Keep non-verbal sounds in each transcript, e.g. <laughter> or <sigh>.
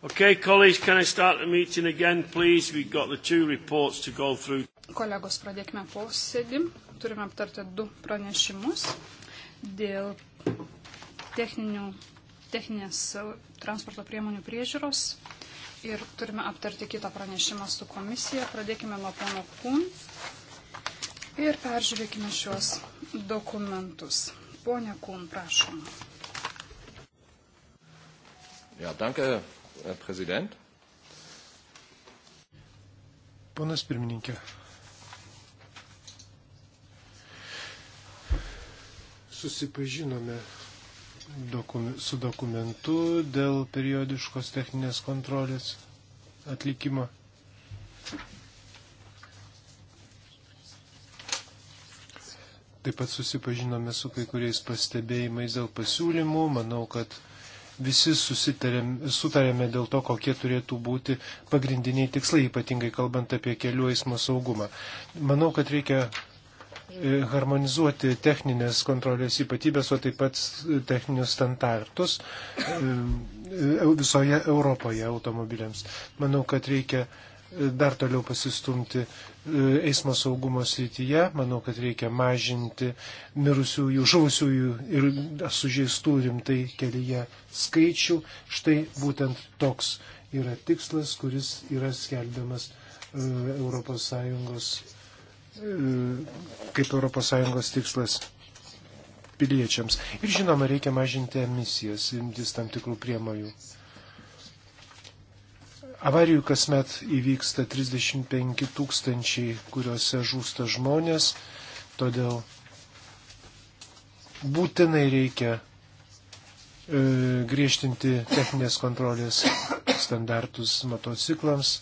Okay, colleagues, can I start the meeting again, please? We've got the two reports to go through. Kolegos, pradėkime posėdį. Turime aptarti du pranešimus dėl techninių, techninės transporto priemonių priežiūros ir turime aptarti kitą pranešimą su komisija. Pradėkime nuo pono Kun ir peržiūrėkime šiuos dokumentus. Pone Kun, prašom. Ja, danke, Präsident. Ponas pirmininkė. Susipažinome dokum su dokumentu dėl periodiškos techninės kontrolės atlikimo. Taip pat susipažinome su kai kuriais pastebėjimais dėl pasiūlymų. Manau, kad visi sutarėme dėl to, kokie turėtų būti pagrindiniai tikslai, ypatingai kalbant apie kelių eismo saugumą. Manau, kad reikia e, harmonizuoti techninės kontrolės ypatybės, o taip pat techninius standartus e, e, visoje Europoje automobiliams. Manau, kad reikia dar toliau pasistumti e, eismo saugumo srityje. Manau, kad reikia mažinti mirusiųjų, žuvusiųjų ir sužeistų rimtai kelyje skaičių. Štai būtent toks yra tikslas, kuris yra skelbiamas ES e, kaip ES tikslas piliečiams. Ir žinoma, reikia mažinti emisijas, imtis tam tikrų priemonių. Avarijų kasmet įvyksta 35 tūkstančiai, kuriuose žūsta žmonės, todėl būtinai reikia e, griežtinti techninės kontrolės standartus motociklams,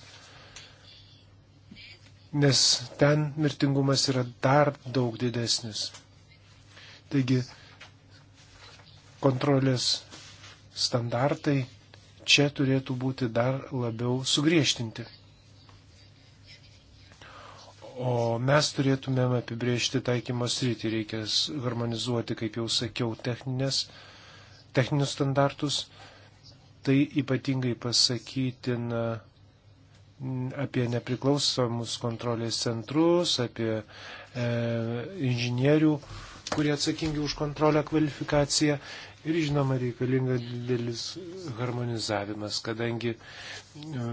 nes ten mirtingumas yra dar daug didesnis. Taigi kontrolės standartai čia turėtų būti dar labiau sugriežtinti. O mes turėtumėm apibriežti taikymo sritį, reikės harmonizuoti, kaip jau sakiau, techninės, techninius standartus. Tai ypatingai pasakytina apie nepriklausomus kontrolės centrus, apie e, inžinierių, kurie atsakingi už kontrolę kvalifikaciją Ir žinoma, reikalinga didelis harmonizavimas, kadangi e,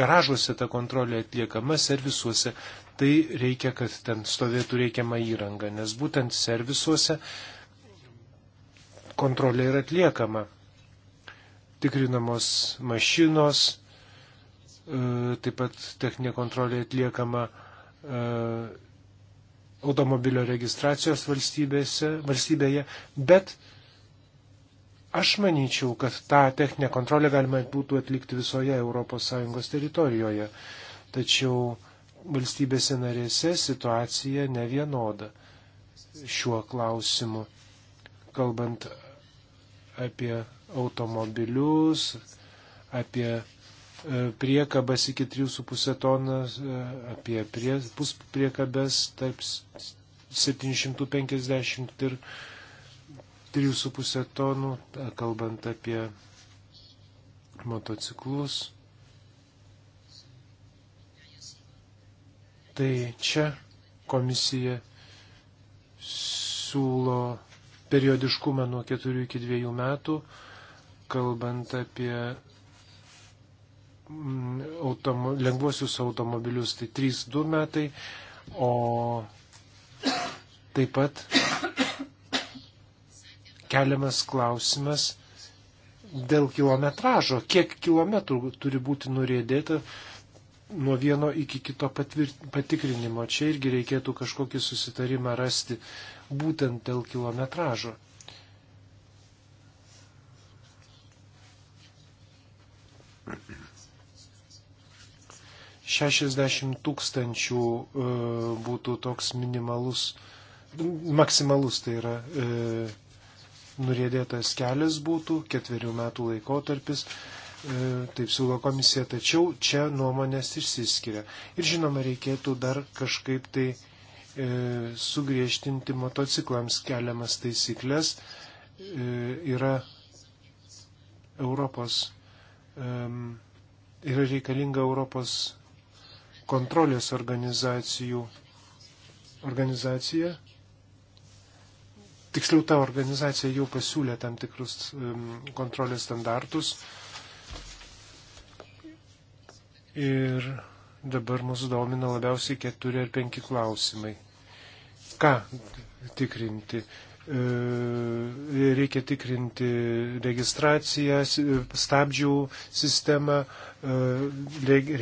garažuose ta kontrolė atliekama, servisuose, tai reikia, kad ten stovėtų reikiama įranga, nes būtent servisuose kontrolė yra atliekama. Tikrinamos mašinos, e, taip pat techninė kontrolė atliekama e, automobilio registracijos valstybėje, bet aš manyčiau, kad tą techninę kontrolę galima būtų atlikti visoje ES teritorijoje. Tačiau valstybėse narėse situacija nevienoda šiuo klausimu. Kalbant apie automobilius, apie E, priekabas iki 3,5 tonas, e, apie prie, puspriekabes tarp 750 ir 3,5 tonų, e, kalbant apie motociklus. Tai čia komisija siūlo periodiškumą nuo 4 iki 2 metų, kalbant apie Mm, automo, lengvuosius automobilius tai 3-2 metai, o taip pat keliamas klausimas dėl kilometražo, kiek kilometrų turi būti nurėdėta nuo vieno iki kito patikrinimo. Čia irgi reikėtų kažkokį susitarimą rasti būtent dėl kilometražo. 60 tūkstančių e, būtų toks minimalus, maksimalus tai yra e, nurėdėtas kelias būtų, ketverių metų laikotarpis, e, taip siūlo komisija, tačiau čia nuomonės išsiskiria. Ir žinoma, reikėtų dar kažkaip tai sugriežtinti motociklams keliamas taisyklės. Yra Europos, yra reikalinga Europos kontrolės organizacijų organizacija. Tiksliau, ta organizacija jau pasiūlė tam tikrus kontrolės standartus. Ir dabar mūsų domina labiausiai keturi ar penki klausimai. Ką tikrinti? E, reikia tikrinti registraciją, stabdžių sistemą, e,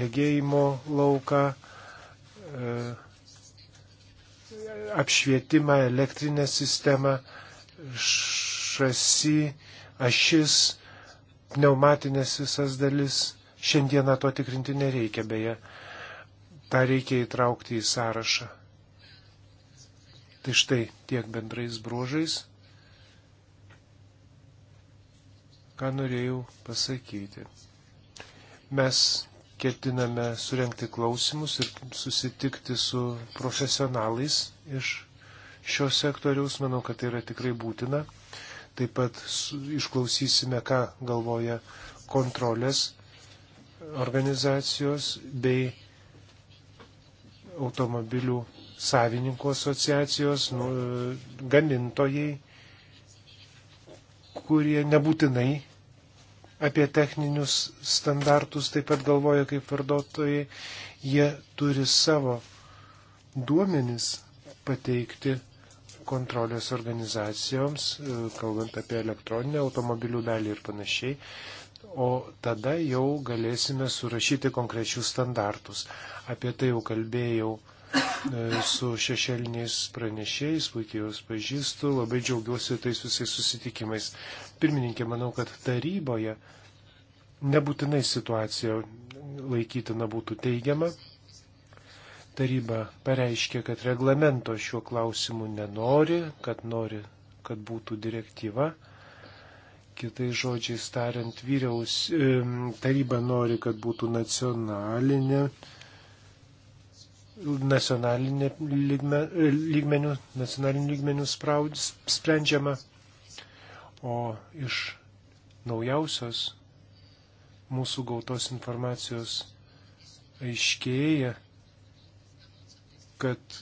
regėjimo lauką, e, apšvietimą, elektrinę sistemą, šasi, ašis, pneumatinės visas dalis. Šiandieną to tikrinti nereikia beje. Ta reikia įtraukti į sąrašą. Tai štai tiek bendrais bruožais, ką norėjau pasakyti. Mes ketiname surenkti klausimus ir susitikti su profesionalais iš šio sektoriaus. Manau, kad tai yra tikrai būtina. Taip pat išklausysime, ką galvoja kontrolės organizacijos bei automobilių savininkų asociacijos, nu, gamintojai, kurie nebūtinai apie techninius standartus taip pat galvoja kaip vardotojai, jie turi savo duomenis pateikti kontrolės organizacijoms, kalbant apie elektroninę automobilių dalį ir panašiai, o tada jau galėsime surašyti konkrečius standartus. Apie tai jau kalbėjau E, su šešeliniais pranešėjais, puikiai juos pažįstu, labai džiaugiuosi tais visais susitikimais. Pirmininkė, manau, kad taryboje nebūtinai situacija laikytina būtų teigiama. Taryba pareiškė, kad reglamento šiuo klausimu nenori, kad nori, kad būtų direktyva. Kitai žodžiai tariant, vyriaus, taryba nori, kad būtų nacionalinė nacionalinė lygme, lygmenių, nacionalinių lygmenių spraud, sprendžiama, o iš naujausios mūsų gautos informacijos aiškėja, kad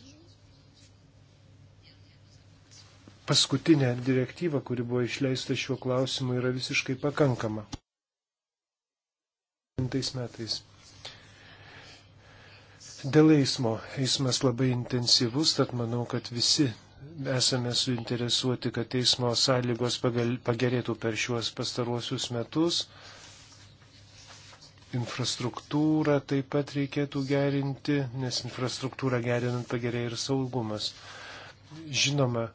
paskutinė direktyva, kuri buvo išleista šiuo klausimu, yra visiškai pakankama. 2009 metais. Dėl eismo. Eismas labai intensyvus, tad manau, kad visi esame suinteresuoti, kad teismo sąlygos pagerėtų per šiuos pastaruosius metus. Infrastruktūrą taip pat reikėtų gerinti, nes infrastruktūrą gerinant pagerėja ir saugumas. Žinoma,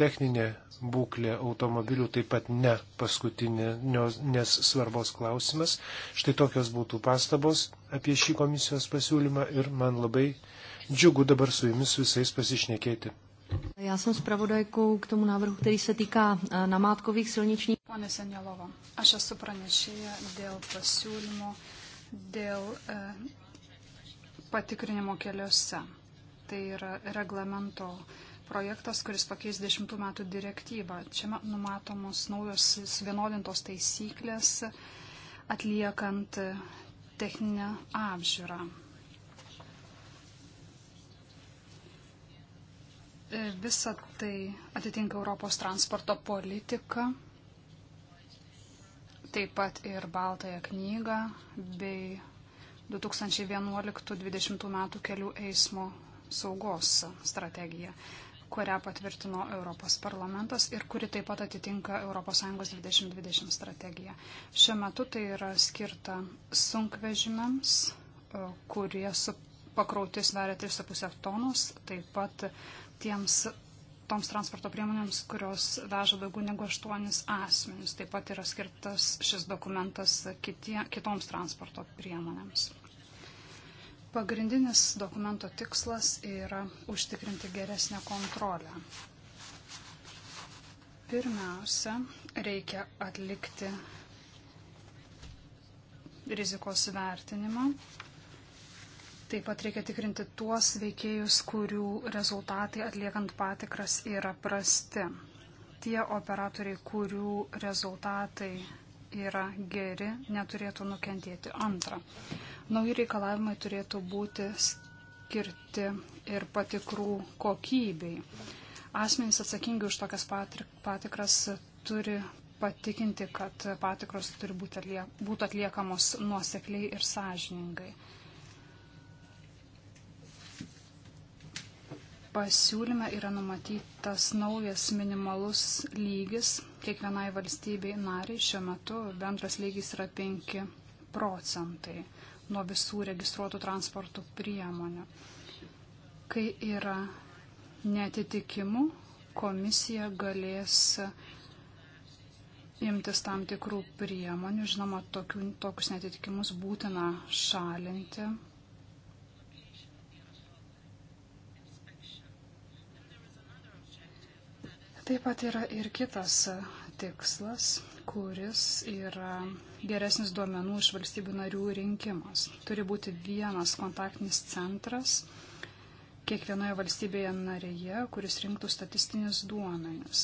techninė būklė automobilių taip pat ne paskutinės svarbos klausimas. Štai tokios būtų pastabos apie šį komisijos pasiūlymą ir man labai džiugu dabar su jumis visais pasišnekėti. Já jsem zpravodajkou k tomu návrhu, který se týká eh, namátkových silničních. Pane Senjalova, aš esu pranešėja dėl pasiūlymo, dėl e, eh, patikrinimo keliuose. Tai yra reglamento e, projektas, kuris pakeis 10 metų direktyvą. Čia numatomos naujos suvienodintos taisyklės atliekant techninę apžiūrą. E, visa tai atitinka Europos transporto politiką, taip pat ir Baltąją knygą bei 2011-2020 metų kelių eismo saugos strategiją kurią patvirtino Europos parlamentas ir kuri taip pat atitinka ES 2020 strategiją. Šiuo metu tai yra skirta sunkvežimiams, e, kurie su pakrauti sveria 3,5 tonos, taip pat tiems toms transporto priemonėms, kurios veža daugiau negu aštuonis asmenis. Taip pat yra skirtas šis dokumentas kitie, kitoms transporto priemonėms. Pagrindinis dokumento tikslas yra užtikrinti geresnę kontrolę. Pirmiausia, reikia atlikti rizikos vertinimą. Taip pat reikia tikrinti tuos veikėjus, kurių rezultatai atliekant patikras yra prasti. Tie operatoriai, kurių rezultatai yra geri, neturėtų nukentėti. Antra, Nauji reikalavimai turėtų būti skirti ir patikrų kokybei. Asmenys atsakingi už tokias patikras turi patikinti, kad patikros turi būti, atlie, būti atliekamos nuosekliai ir sąžiningai. Pasiūlyme yra numatytas naujas minimalus lygis kiekvienai valstybei nariai. Šiuo metu bendras lygis yra 5 procentai nuo visų registruotų transporto priemonių. Kai yra netitikimų, komisija galės imtis tam tikrų priemonių. Žinoma, tokių, tokius netitikimus būtina šalinti. Taip pat yra ir kitas tikslas kuris yra geresnis duomenų iš valstybių narių rinkimas. Turi būti vienas kontaktinis centras kiekvienoje valstybėje narėje, kuris rinktų statistinis duomenis.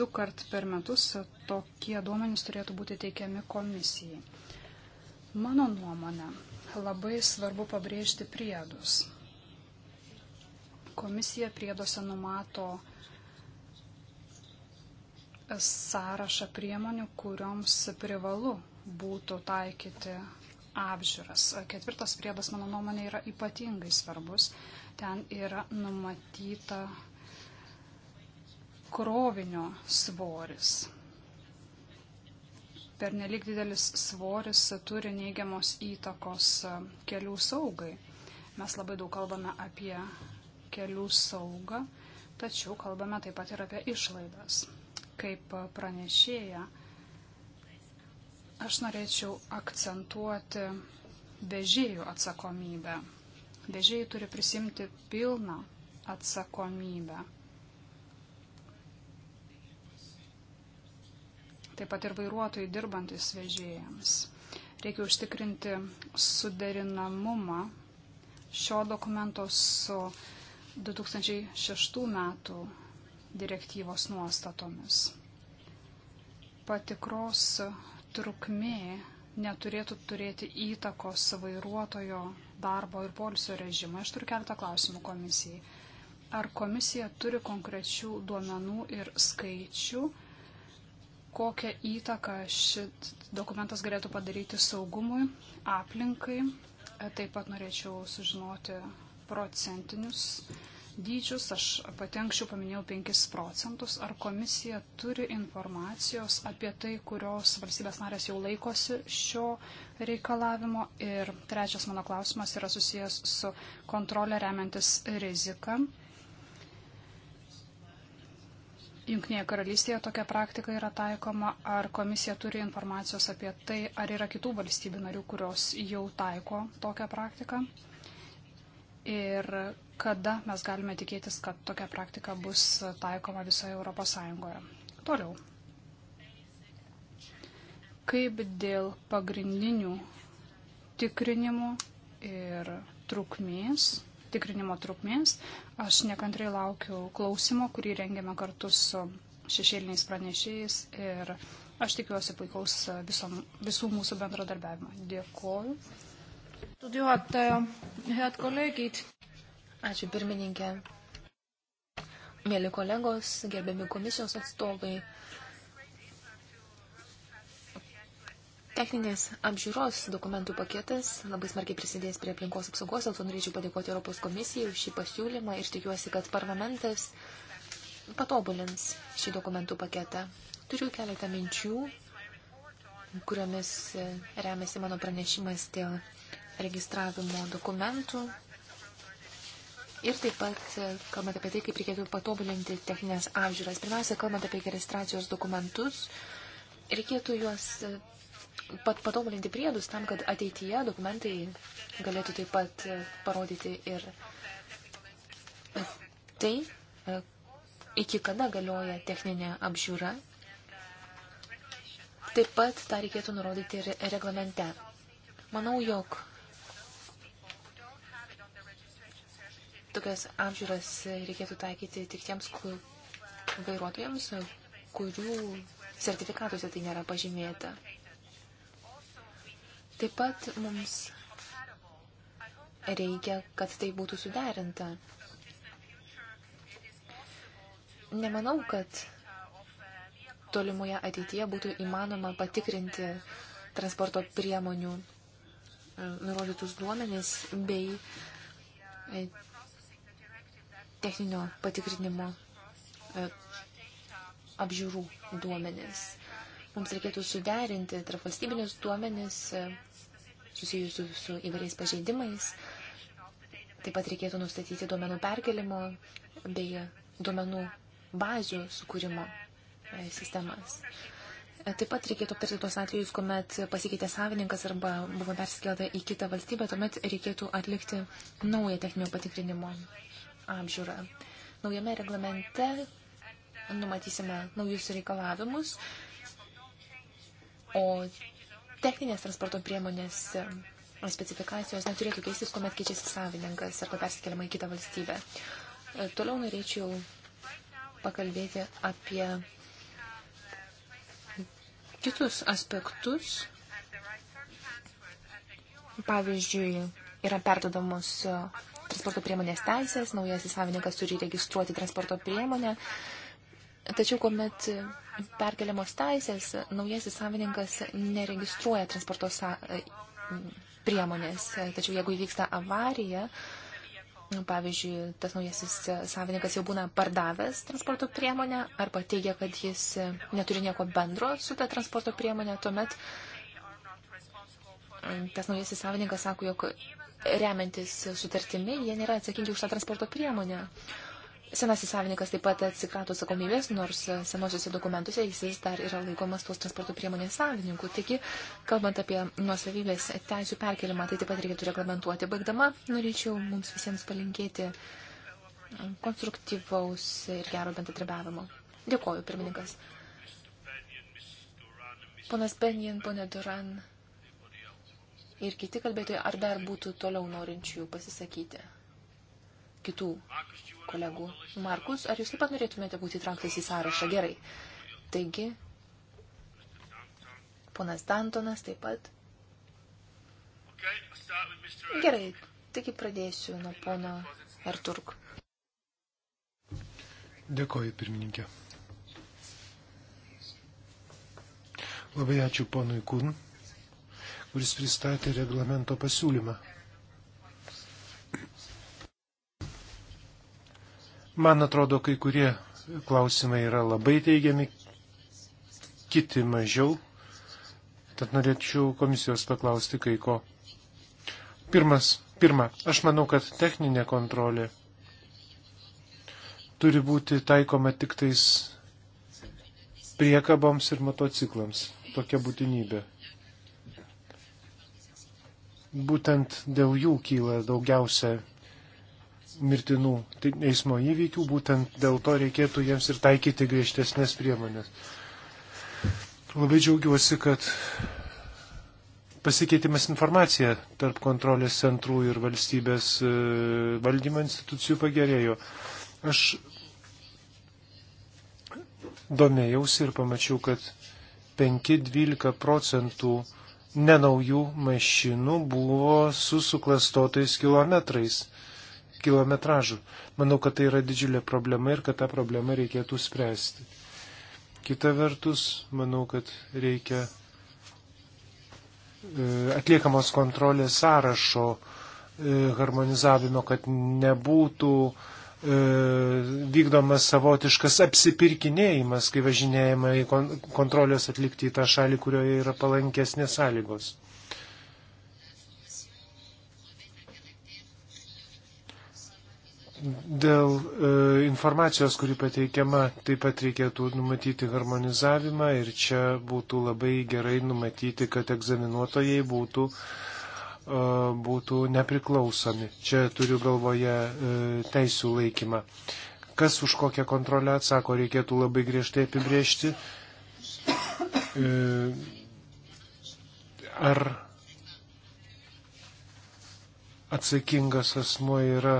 Du kart per metus tokie duomenys turėtų būti teikiami komisijai. Mano nuomonė, labai svarbu pabrėžti priedus. Komisija prieduose numato sąrašą priemonių, kurioms privalu būtų taikyti apžiūras. Ketvirtas priedas, mano nuomonė, yra ypatingai svarbus. Ten yra numatyta krovinio svoris. Per nelik didelis svoris turi neigiamos įtakos kelių saugai. Mes labai daug kalbame apie kelių saugą, tačiau kalbame taip pat ir apie išlaidas kaip pranešėja, aš norėčiau akcentuoti vežėjų atsakomybę. Vežėjai turi prisimti pilną atsakomybę. Taip pat ir vairuotojai dirbantis vežėjams. Reikia užtikrinti suderinamumą šio dokumento su 2006 metų direktyvos nuostatomis. Patikros trukmė neturėtų turėti įtakos vairuotojo darbo ir polsio režimą. Aš turiu keletą klausimų komisijai. Ar komisija turi konkrečių duomenų ir skaičių, kokią įtaką šit dokumentas galėtų padaryti saugumui, aplinkai? Taip pat norėčiau sužinoti procentinius dydžius, aš pati anksčiau paminėjau 5 procentus, ar komisija turi informacijos apie tai, kurios valstybės narės jau laikosi šio reikalavimo. Ir trečias mano klausimas yra susijęs su kontrolė remiantis riziką. Junknėje karalystėje tokia praktika yra taikoma, ar komisija turi informacijos apie tai, ar yra kitų valstybių narių, kurios jau taiko tokią praktiką ir kada mes galime tikėtis, kad tokia praktika bus taikoma visoje ES. Toliau. Kaip dėl pagrindinių tikrinimų ir trukmės, tikrinimo trukmės, aš nekantrai laukiu klausimo, kurį rengiame kartu su šešėliniais pranešėjais ir aš tikiuosi puikaus visom, visų mūsų bendradarbiavimo. Dėkoju. Juhataja, head kolleegid. Ačiū pirmininkė. Mėly kolegos, gerbiami komisijos atstovai. Techninės apžiūros dokumentų paketas labai smarkiai prisidės prie aplinkos apsaugos, dėl to norėčiau padėkoti Europos komisijai už šį pasiūlymą ir tikiuosi, kad parlamentas patobulins šį dokumentų paketą. Turiu keletą minčių, kuriomis remiasi mano pranešimas dėl registravimo dokumentų ir taip pat e, kalbant apie tai, kaip reikėtų patobulinti techninės apžiūras. Pirmiausia, kalbant apie registracijos dokumentus, reikėtų juos e, pat patobulinti priedus tam, kad ateityje dokumentai galėtų taip pat e, parodyti ir tai, iki kada galioja techninė apžiūra. Taip pat tą reikėtų nurodyti ir reglamente. Manau, jog tokias apžiūras reikėtų taikyti tik tiems kur, vairuotojams, kurių sertifikatuose tai nėra pažymėta. Taip pat mums reikia, kad tai būtų suderinta. Nemanau, kad tolimoje ateityje būtų įmanoma patikrinti transporto priemonių e, nurodytus duomenis bei e, techninio patikrinimo e, apžiūrų duomenis. Mums reikėtų suderinti tarp valstybinius duomenis e, susijusių su įvairiais pažeidimais. Taip pat reikėtų nustatyti duomenų perkelimo bei duomenų bazių sukūrimo e, sistemas. Taip pat reikėtų aptarti tuos atvejus, kuomet pasikeitė savininkas arba buvo perskelta į kitą valstybę, tuomet reikėtų atlikti naują techninio patikrinimo apžiūrą. Naujame reglamente numatysime naujus reikalavimus, o techninės transporto priemonės specifikacijos neturėtų keistis, kuomet keičiasi savininkas arba persikeliama į kitą valstybę. Toliau norėčiau pakalbėti apie kitus aspektus. Pavyzdžiui, yra perdodamos transporto priemonės teisės, naujasis savininkas turi registruoti transporto priemonę. Tačiau, kuomet perkeliamos teisės, naujasis savininkas neregistruoja transporto sa priemonės. Tačiau, jeigu įvyksta avarija, pavyzdžiui, tas naujasis savininkas jau būna pardavęs transporto priemonę arba teigia, kad jis neturi nieko bendro su ta transporto priemonė, tuomet tas naujasis savininkas sako, jog remiantis sutartimi, jie nėra atsakingi už tą transporto priemonę. Senasis savininkas taip pat atsikrato atsakomybės, nors senosiuose dokumentuose jis dar yra laikomas tos transporto priemonės savininku. Taigi, kalbant apie nuosavybės teisų perkelimą, tai taip pat reikėtų reglamentuoti. Baigdama, norėčiau mums visiems palinkėti konstruktyvaus ir gero bendradarbiavimo. Dėkoju, pirmininkas. Ponas Benjen, ponė Duran ir kiti kalbėtojai, ar dar būtų toliau norinčių pasisakyti kitų kolegų. Markus, ar jūs taip pat norėtumėte būti įtrauktas į sąrašą? Gerai. Taigi, ponas Dantonas taip pat. Gerai, taigi pradėsiu nuo pono Arturk. Dėkoju, pirmininkė. Labai ačiū ponui Kūn kuris pristatė reglamento pasiūlymą. Man atrodo, kai kurie klausimai yra labai teigiami, kiti mažiau. Tad norėčiau komisijos paklausti kai ko. Pirmas, pirma, aš manau, kad techninė kontrolė turi būti taikoma tik tais priekaboms ir motociklams. Tokia būtinybė būtent dėl jų kyla daugiausia mirtinų tai eismo įvykių, būtent dėl to reikėtų jiems ir taikyti griežtesnės priemonės. Labai džiaugiuosi, kad pasikeitimas informacija tarp kontrolės centrų ir valstybės e, valdymo institucijų pagerėjo. Aš domėjausi ir pamačiau, kad 5-12 procentų nenaujų mašinų buvo su suklastotais kilometrais, kilometražu. Manau, kad tai yra didžiulė problema ir kad tą problemą reikėtų spręsti. Kita vertus, manau, kad reikia e, atliekamos kontrolės sąrašo e, harmonizavimo, kad nebūtų uh, E, vykdomas savotiškas apsipirkinėjimas, kai važinėjama į kontrolės atlikti į tą šalį, kurioje yra palankesnės sąlygos. Dėl e, informacijos, kuri pateikiama, taip pat reikėtų numatyti harmonizavimą ir čia būtų labai gerai numatyti, kad egzaminuotojai būtų e, E, būtų nepriklausomi. Čia turiu galvoje e, teisų laikymą. Kas už kokią kontrolę atsako, reikėtų labai griežtai apibriežti. E, ar atsakingas asmo yra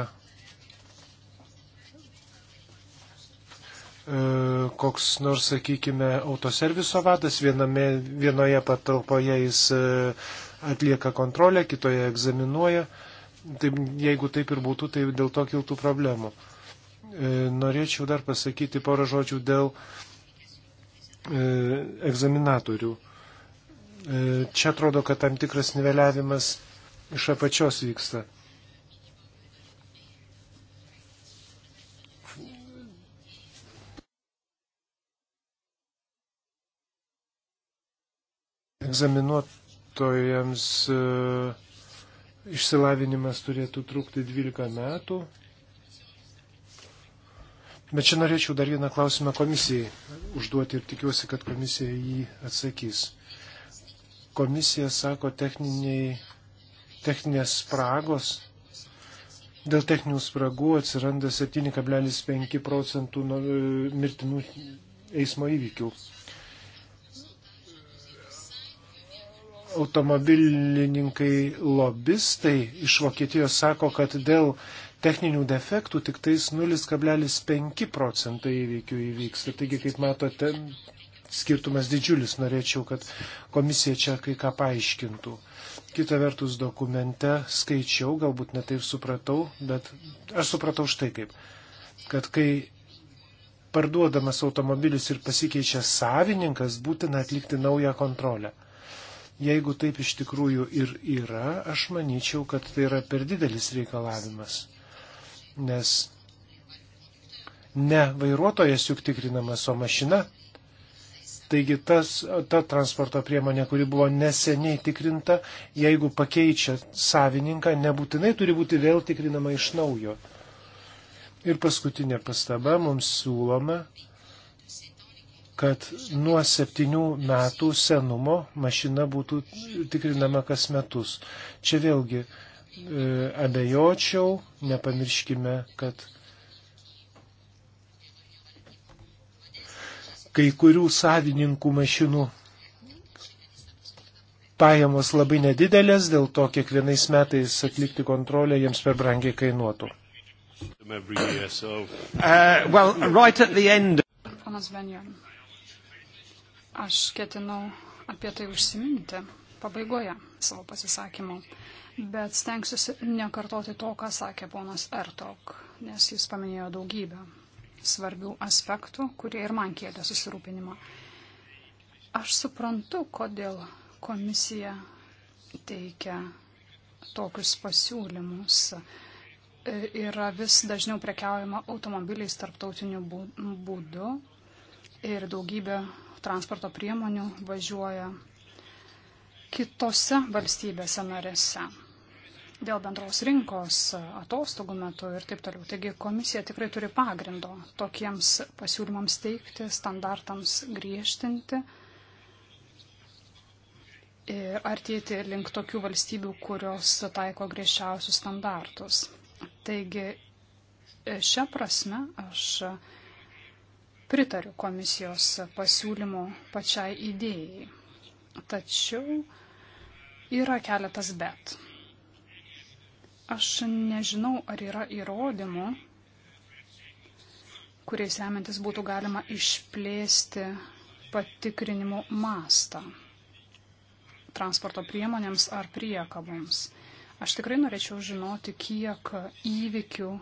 koks nors, sakykime, autoserviso vadas, viename, vienoje patalpoje jis atlieka kontrolę, kitoje egzaminuoja. Taip, jeigu taip ir būtų, tai dėl to kiltų problemų. E, norėčiau dar pasakyti porą žodžių dėl e, egzaminatorių. E, čia atrodo, kad tam tikras niveliavimas iš apačios vyksta. Egzaminuot mokytojams e, išsilavinimas turėtų trukti 12 metų. Bet čia norėčiau dar vieną klausimą komisijai užduoti ir tikiuosi, kad komisija jį atsakys. Komisija sako techniniai, techninės spragos. Dėl techninių spragų atsiranda 7,5 procentų e, mirtinų eismo įvykių. automobilininkai lobistai iš Vokietijos sako, kad dėl techninių defektų tik tais 0,5 procentai įvykių įvyksta. Taigi, kaip matote, skirtumas didžiulis. Norėčiau, kad komisija čia kai ką paaiškintų. Kita vertus, dokumente skaičiau, galbūt netaip supratau, bet aš supratau štai kaip, kad kai parduodamas automobilis ir pasikeičia savininkas, būtina atlikti naują kontrolę. Jeigu taip iš tikrųjų ir yra, aš manyčiau, kad tai yra per didelis reikalavimas. Nes ne vairuotojas juk tikrinamas, o mašina. Taigi tas, ta transporto priemonė, kuri buvo neseniai tikrinta, jeigu pakeičia savininką, nebūtinai turi būti vėl tikrinama iš naujo. Ir paskutinė pastaba, mums siūloma kad nuo septynių metų senumo mašina būtų tikrinama kas metus. Čia vėlgi e, abejočiau, nepamirškime, kad kai kurių savininkų mašinų pajamos labai nedidelės, dėl to kiekvienais metais atlikti kontrolę jiems per brangiai kainuotų. Uh, Ponas Benjon. Aš ketinau apie tai užsiminti pabaigoje savo pasisakymo, bet stengsiuosi nekartoti to, ką sakė ponas Ertok, nes jis paminėjo daugybę svarbių aspektų, kurie ir man kėlė susirūpinimą. Aš suprantu, kodėl komisija teikia tokius pasiūlymus. Yra vis dažniau prekiaujama automobiliais tarptautiniu būdu ir daugybė transporto priemonių važiuoja kitose valstybėse narėse dėl bendros rinkos atostogų metu ir taip toliau. Taigi komisija tikrai turi pagrindo tokiems pasiūlymams teikti, standartams griežtinti ir artėti link tokių valstybių, kurios taiko griežčiausius standartus. Taigi šią prasme aš Pritariu komisijos pasiūlymo pačiai idėjai. Tačiau yra keletas bet. Aš nežinau, ar yra įrodymų, kuriais remiantis būtų galima išplėsti patikrinimų mastą transporto priemonėms ar priekaboms. Aš tikrai norėčiau žinoti, kiek įvykių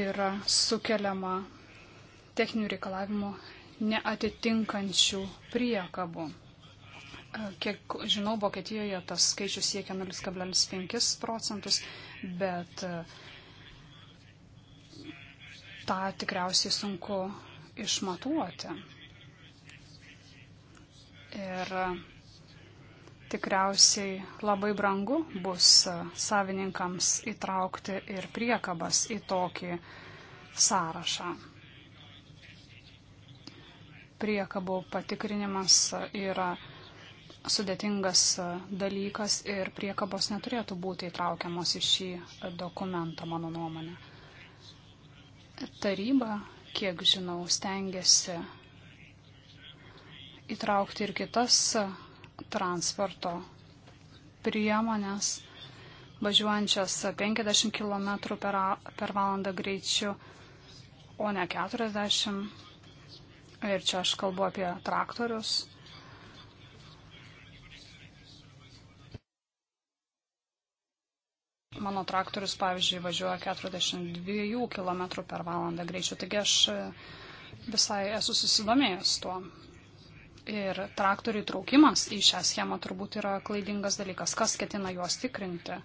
yra sukeliama techninių reikalavimų neatitinkančių priekabų. E, kiek žinau, Vokietijoje tas skaičius siekia 0,5 procentus, bet e, tą tikriausiai sunku išmatuoti. Ir tikriausiai labai brangu bus e, savininkams įtraukti ir priekabas į tokį sąrašą. Priekabų patikrinimas e, yra sudėtingas e, dalykas ir priekabos neturėtų būti įtraukiamos į šį dokumentą, mano nuomonė. Taryba, kiek žinau, stengiasi įtraukti ir kitas transporto priemonės važiuojančias 50 km per, per valandą greičiu, o ne 40. Ir čia aš kalbu apie traktorius. Mano traktorius, pavyzdžiui, važiuoja 42 km per valandą greičiu, taigi aš visai esu susidomėjęs tuo. Ir traktorių įtraukimas į šią schemą turbūt yra klaidingas dalykas. Kas ketina juos tikrinti?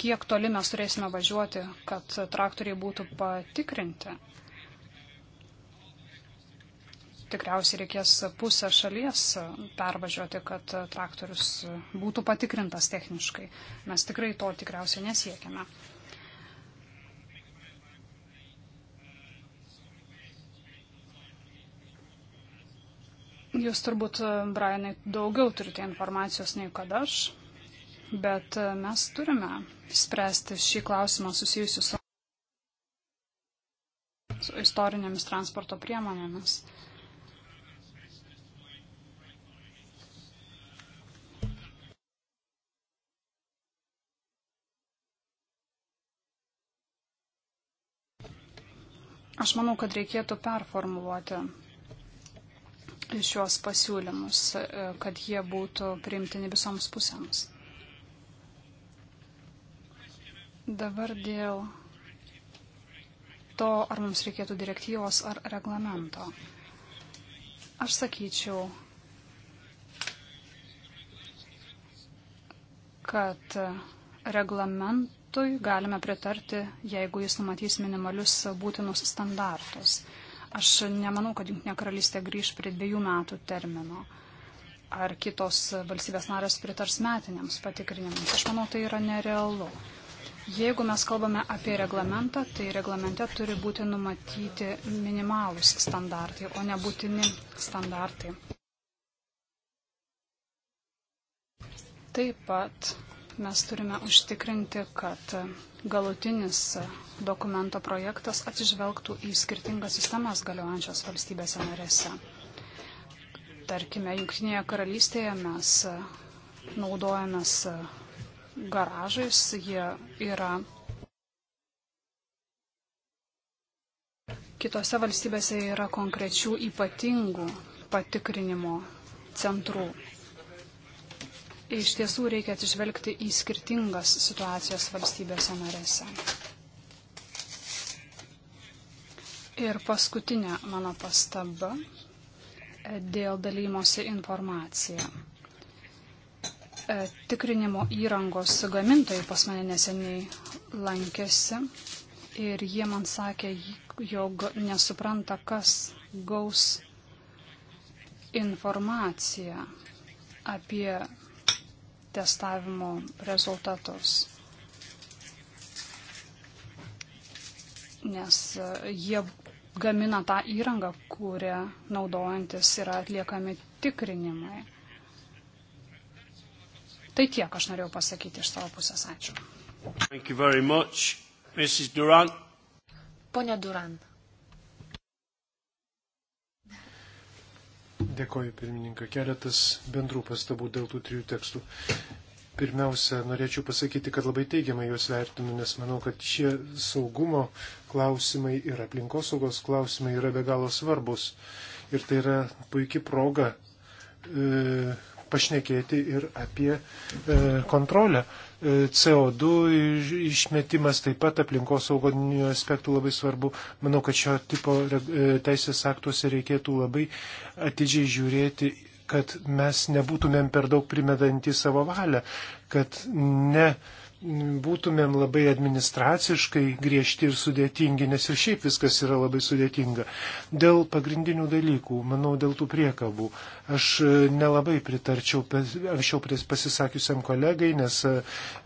Kiek toli mes turėsime važiuoti, kad traktoriai būtų patikrinti? Tikriausiai reikės pusę šalies pervažiuoti, kad traktorius būtų patikrintas techniškai. Mes tikrai to tikriausiai nesiekime. Jūs turbūt, e, Brianai, daugiau turite informacijos nei kad aš, bet e, mes turime spręsti šį klausimą susijusiu su, su istorinėmis transporto priemonėmis. Aš manau, kad reikėtų performuluoti šios pasiūlymus, e, kad jie būtų priimtini visoms pusėms. Dabar dėl to, ar mums reikėtų direktyvos ar reglamento. Aš sakyčiau, kad reglamentui galime pritarti, jeigu jis numatys minimalius būtinus standartus. Aš nemanau, kad Junktinė karalystė grįž prie dviejų metų termino. Ar kitos valstybės narės pritars metiniams patikrinimams? Aš manau, tai yra nerealu. Jeigu mes kalbame apie reglamentą, tai reglamente turi būti numatyti minimalūs standartai, o ne būtini standartai. Taip pat Mes turime užtikrinti, kad galutinis dokumento projektas atsižvelgtų į skirtingas sistemas galiojančias valstybėse narėse. Tarkime, Junktinėje karalystėje mes naudojamės garažais, jie yra Kitose valstybėse yra konkrečių ypatingų patikrinimo centrų iš tiesų reikia atsižvelgti į skirtingas situacijas valstybėse narėse. Ir paskutinė mano pastaba e, dėl dalymosi informacija. E, tikrinimo įrangos gamintojai pas mane neseniai lankėsi ir jie man sakė, jog nesupranta, kas gaus informaciją apie testavimo rezultatus. Nes e, jie gamina tą įrangą, kurią naudojantis yra atliekami tikrinimai. Tai tiek aš norėjau pasakyti iš savo pusės. Ačiū. Much, Pone Duran. Dėkoju, pirmininkai. Keletas bendrų pastabų dėl tų trijų tekstų. Pirmiausia, norėčiau pasakyti, kad labai teigiamai juos vertinu, nes manau, kad šie saugumo klausimai ir aplinkosaugos klausimai yra be galo svarbus. Ir tai yra puikia proga e, pašnekėti ir apie e, kontrolę. E, CO2 išmetimas taip pat aplinkos saugodinių aspektų labai svarbu. Manau, kad šio tipo e, teisės aktuose reikėtų labai atidžiai žiūrėti, kad mes nebūtumėm per daug primedantį savo valią, kad ne uh, būtumėm labai administraciškai griežti ir sudėtingi, nes ir šiaip viskas yra labai sudėtinga. Dėl pagrindinių dalykų, manau, dėl tų priekabų, aš e, nelabai pritarčiau anksčiau pasisakiusiam kolegai, nes e,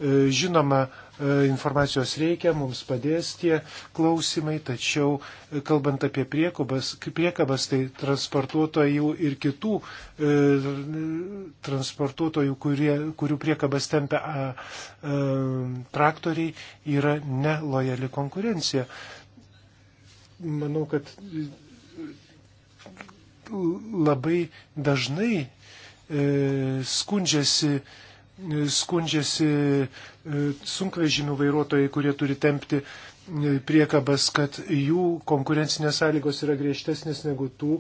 e, žinoma, E, informacijos reikia, mums padės tie klausimai, tačiau e, kalbant apie priekabas, priekabas tai transportuotojų ir kitų e, transportuotojų, kurie, kurių priekabas tempia a, a, e, traktoriai, yra nelojali konkurencija. Manau, kad labai dažnai e, skundžiasi e, skundžiasi e, sunkvežimių vairuotojai, kurie turi tempti e, priekabas, kad jų konkurencinės sąlygos yra griežtesnės negu tų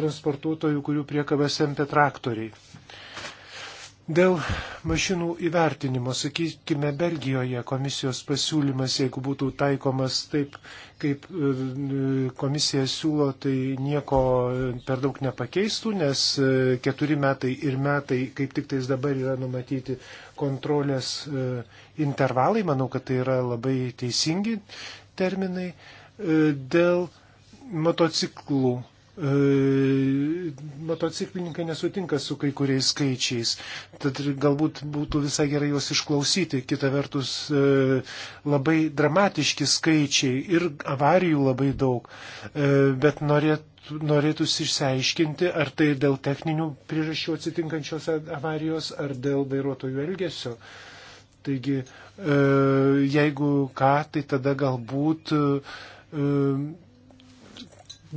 transportuotojų, kurių priekabas tempia traktoriai. Dėl mašinų įvertinimo, sakykime, Belgijoje komisijos pasiūlymas, jeigu būtų taikomas taip, kaip e, komisija siūlo, tai nieko per daug nepakeistų, nes e, keturi metai ir metai, kaip tik tais dabar yra numatyti kontrolės e, intervalai, manau, kad tai yra labai teisingi terminai. Dėl motociklų motociklininkai nesutinka su kai kuriais skaičiais, tad galbūt būtų visai gerai juos išklausyti. Kita vertus, e, labai dramatiški skaičiai ir avarijų labai daug, e, bet norėt, norėtųsi išsiaiškinti, ar tai dėl techninių priežasčių atsitinkančios avarijos, ar dėl vairuotojų elgesio. Taigi, e, jeigu ką, tai tada galbūt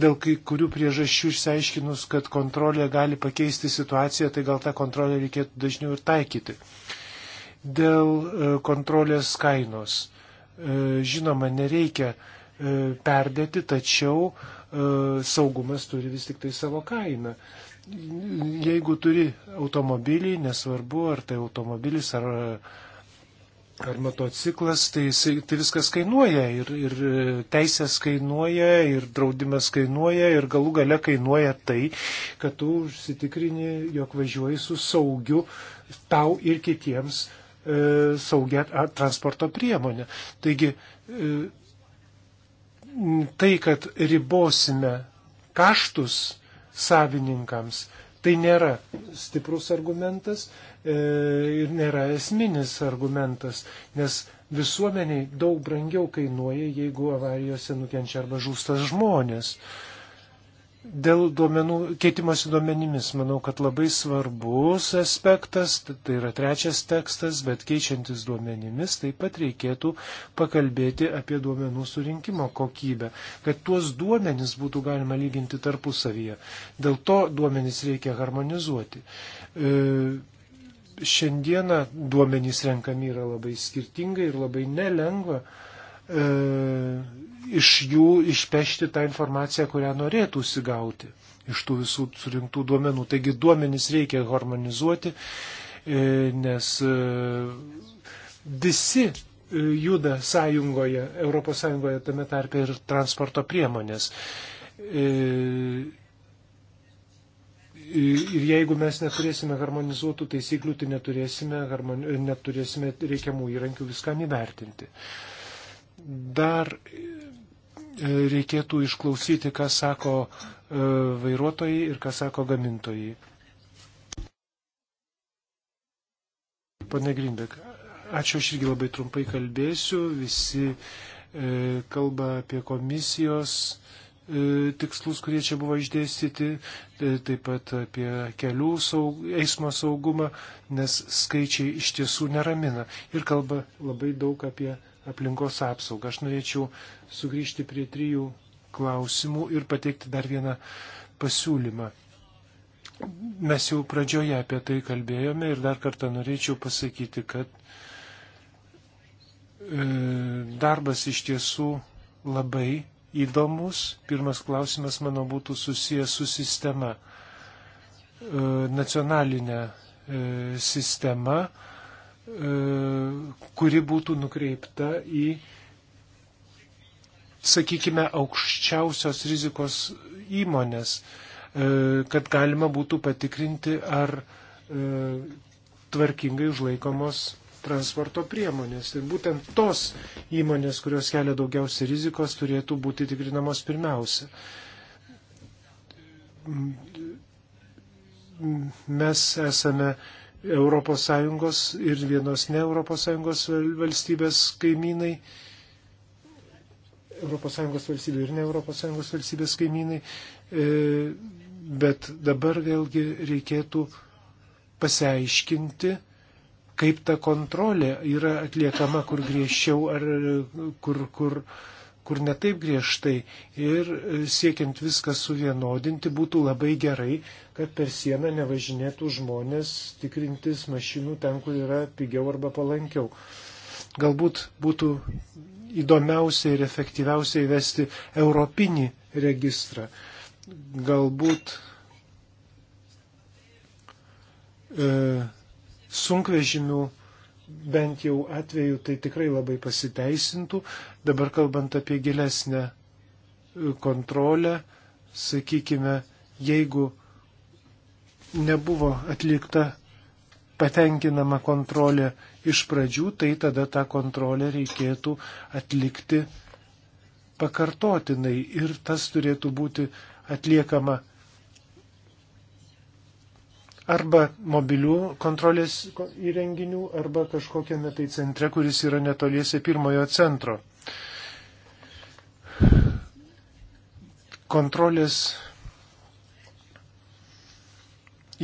dėl kai kurių priežasčių išsiaiškinus, kad kontrolė gali pakeisti situaciją, tai gal tą kontrolę reikėtų dažniau ir taikyti. Dėl e, kontrolės kainos. E, žinoma, nereikia e, perdėti, tačiau saugumas turi vis tik tai savo kainą. Jeigu turi automobilį, nesvarbu, ar tai automobilis, ar ar motociklas, tai, tai viskas kainuoja ir, ir e, teisės kainuoja, ir draudimas kainuoja, ir galų gale kainuoja tai, kad tu užsitikrini, jog važiuoji su saugiu tau ir kitiems e, saugia transporto priemonė. Taigi, e, tai, kad ribosime kaštus savininkams, tai nėra stiprus argumentas, e, nėra esminis argumentas, nes visuomeniai daug brangiau kainuoja, jeigu avarijose nukenčia arba žūsta žmonės. Dėl duomenų, keitimosi duomenimis, manau, kad labai svarbus aspektas, tai yra trečias tekstas, bet keičiantis duomenimis taip pat reikėtų pakalbėti apie duomenų surinkimo kokybę, kad tuos duomenis būtų galima lyginti tarpusavyje. Dėl to duomenis reikia harmonizuoti. E, šiandieną duomenys renkami yra labai skirtingai ir labai nelengva e, iš jų išpešti tą informaciją, kurią norėtųsi gauti iš tų visų surinktų duomenų. Taigi duomenys reikia harmonizuoti, e, nes e, visi e, juda sąjungoje, Europos sąjungoje tame tarpe ir transporto priemonės. E, Ir jeigu mes neturėsime harmonizuotų taisyklių, tai neturėsime, harmoni... neturėsime reikiamų įrankių viskam įvertinti. Dar e, reikėtų išklausyti, ką sako e, vairuotojai ir ką sako gamintojai. Pane Grindek, ačiū, aš irgi labai trumpai kalbėsiu. Visi e, kalba apie komisijos E, tikslus, kurie čia buvo išdėstyti, e, taip pat apie kelių saug, eismo saugumą, nes skaičiai iš tiesų neramina ir kalba labai daug apie aplinkos apsaugą. Aš norėčiau sugrįžti prie trijų klausimų ir pateikti dar vieną pasiūlymą. Mes jau pradžioje apie tai kalbėjome ir dar kartą norėčiau pasakyti, kad e, darbas iš tiesų labai įdomus. Pirmas klausimas mano būtų susijęs su sistema, e, nacionalinė e, sistema, e, kuri būtų nukreipta į, sakykime, aukščiausios rizikos įmonės, kad galima būtų patikrinti, ar tvarkingai užlaikomos transporto priemonės. Ir būtent tos įmonės, kurios kelia daugiausia rizikos, turėtų būti tikrinamos pirmiausia. Mes esame ES ir vienos ne ES valstybės kaimynai. ES valstybių ir ne ES valstybės kaimynai. E, bet dabar vėlgi reikėtų pasiaiškinti, kaip ta kontrolė yra atliekama, kur griežčiau ar kur, kur, kur netaip griežtai. Ir siekiant viską suvienodinti, būtų labai gerai, kad per sieną nevažinėtų žmonės tikrintis mašinų ten, kur yra pigiau arba palankiau. Galbūt būtų įdomiausia ir efektyviausia įvesti europinį registrą. Galbūt e, sunkvežimių bent jau atveju tai tikrai labai pasiteisintų. Dabar kalbant apie gilesnę e, kontrolę, sakykime, jeigu nebuvo atlikta patenkinama kontrolė iš pradžių, tai tada tą kontrolę reikėtų atlikti pakartotinai ir tas turėtų būti atliekama arba mobilių kontrolės įrenginių, arba kažkokiame tai centre, kuris yra netoliese pirmojo centro. Kontrolės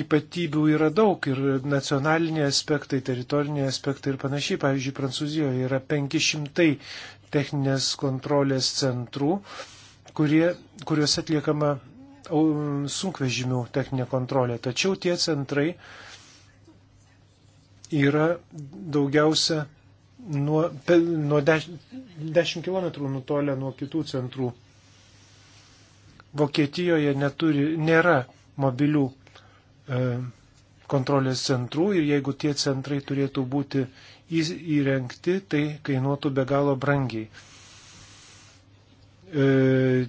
ypatybių yra daug ir nacionaliniai aspektai, teritoriniai aspektai ir panašiai. Pavyzdžiui, Prancūzijoje yra 500 techninės kontrolės centrų, kurie, kuriuose atliekama sunkvežimių techninė kontrolė. Tačiau tie centrai yra daugiausia nuo, pe, nuo 10 km nutolę nuo kitų centrų. Vokietijoje neturi, nėra mobilių e, kontrolės centrų ir jeigu tie centrai turėtų būti įrengti, tai kainuotų be galo brangiai. E,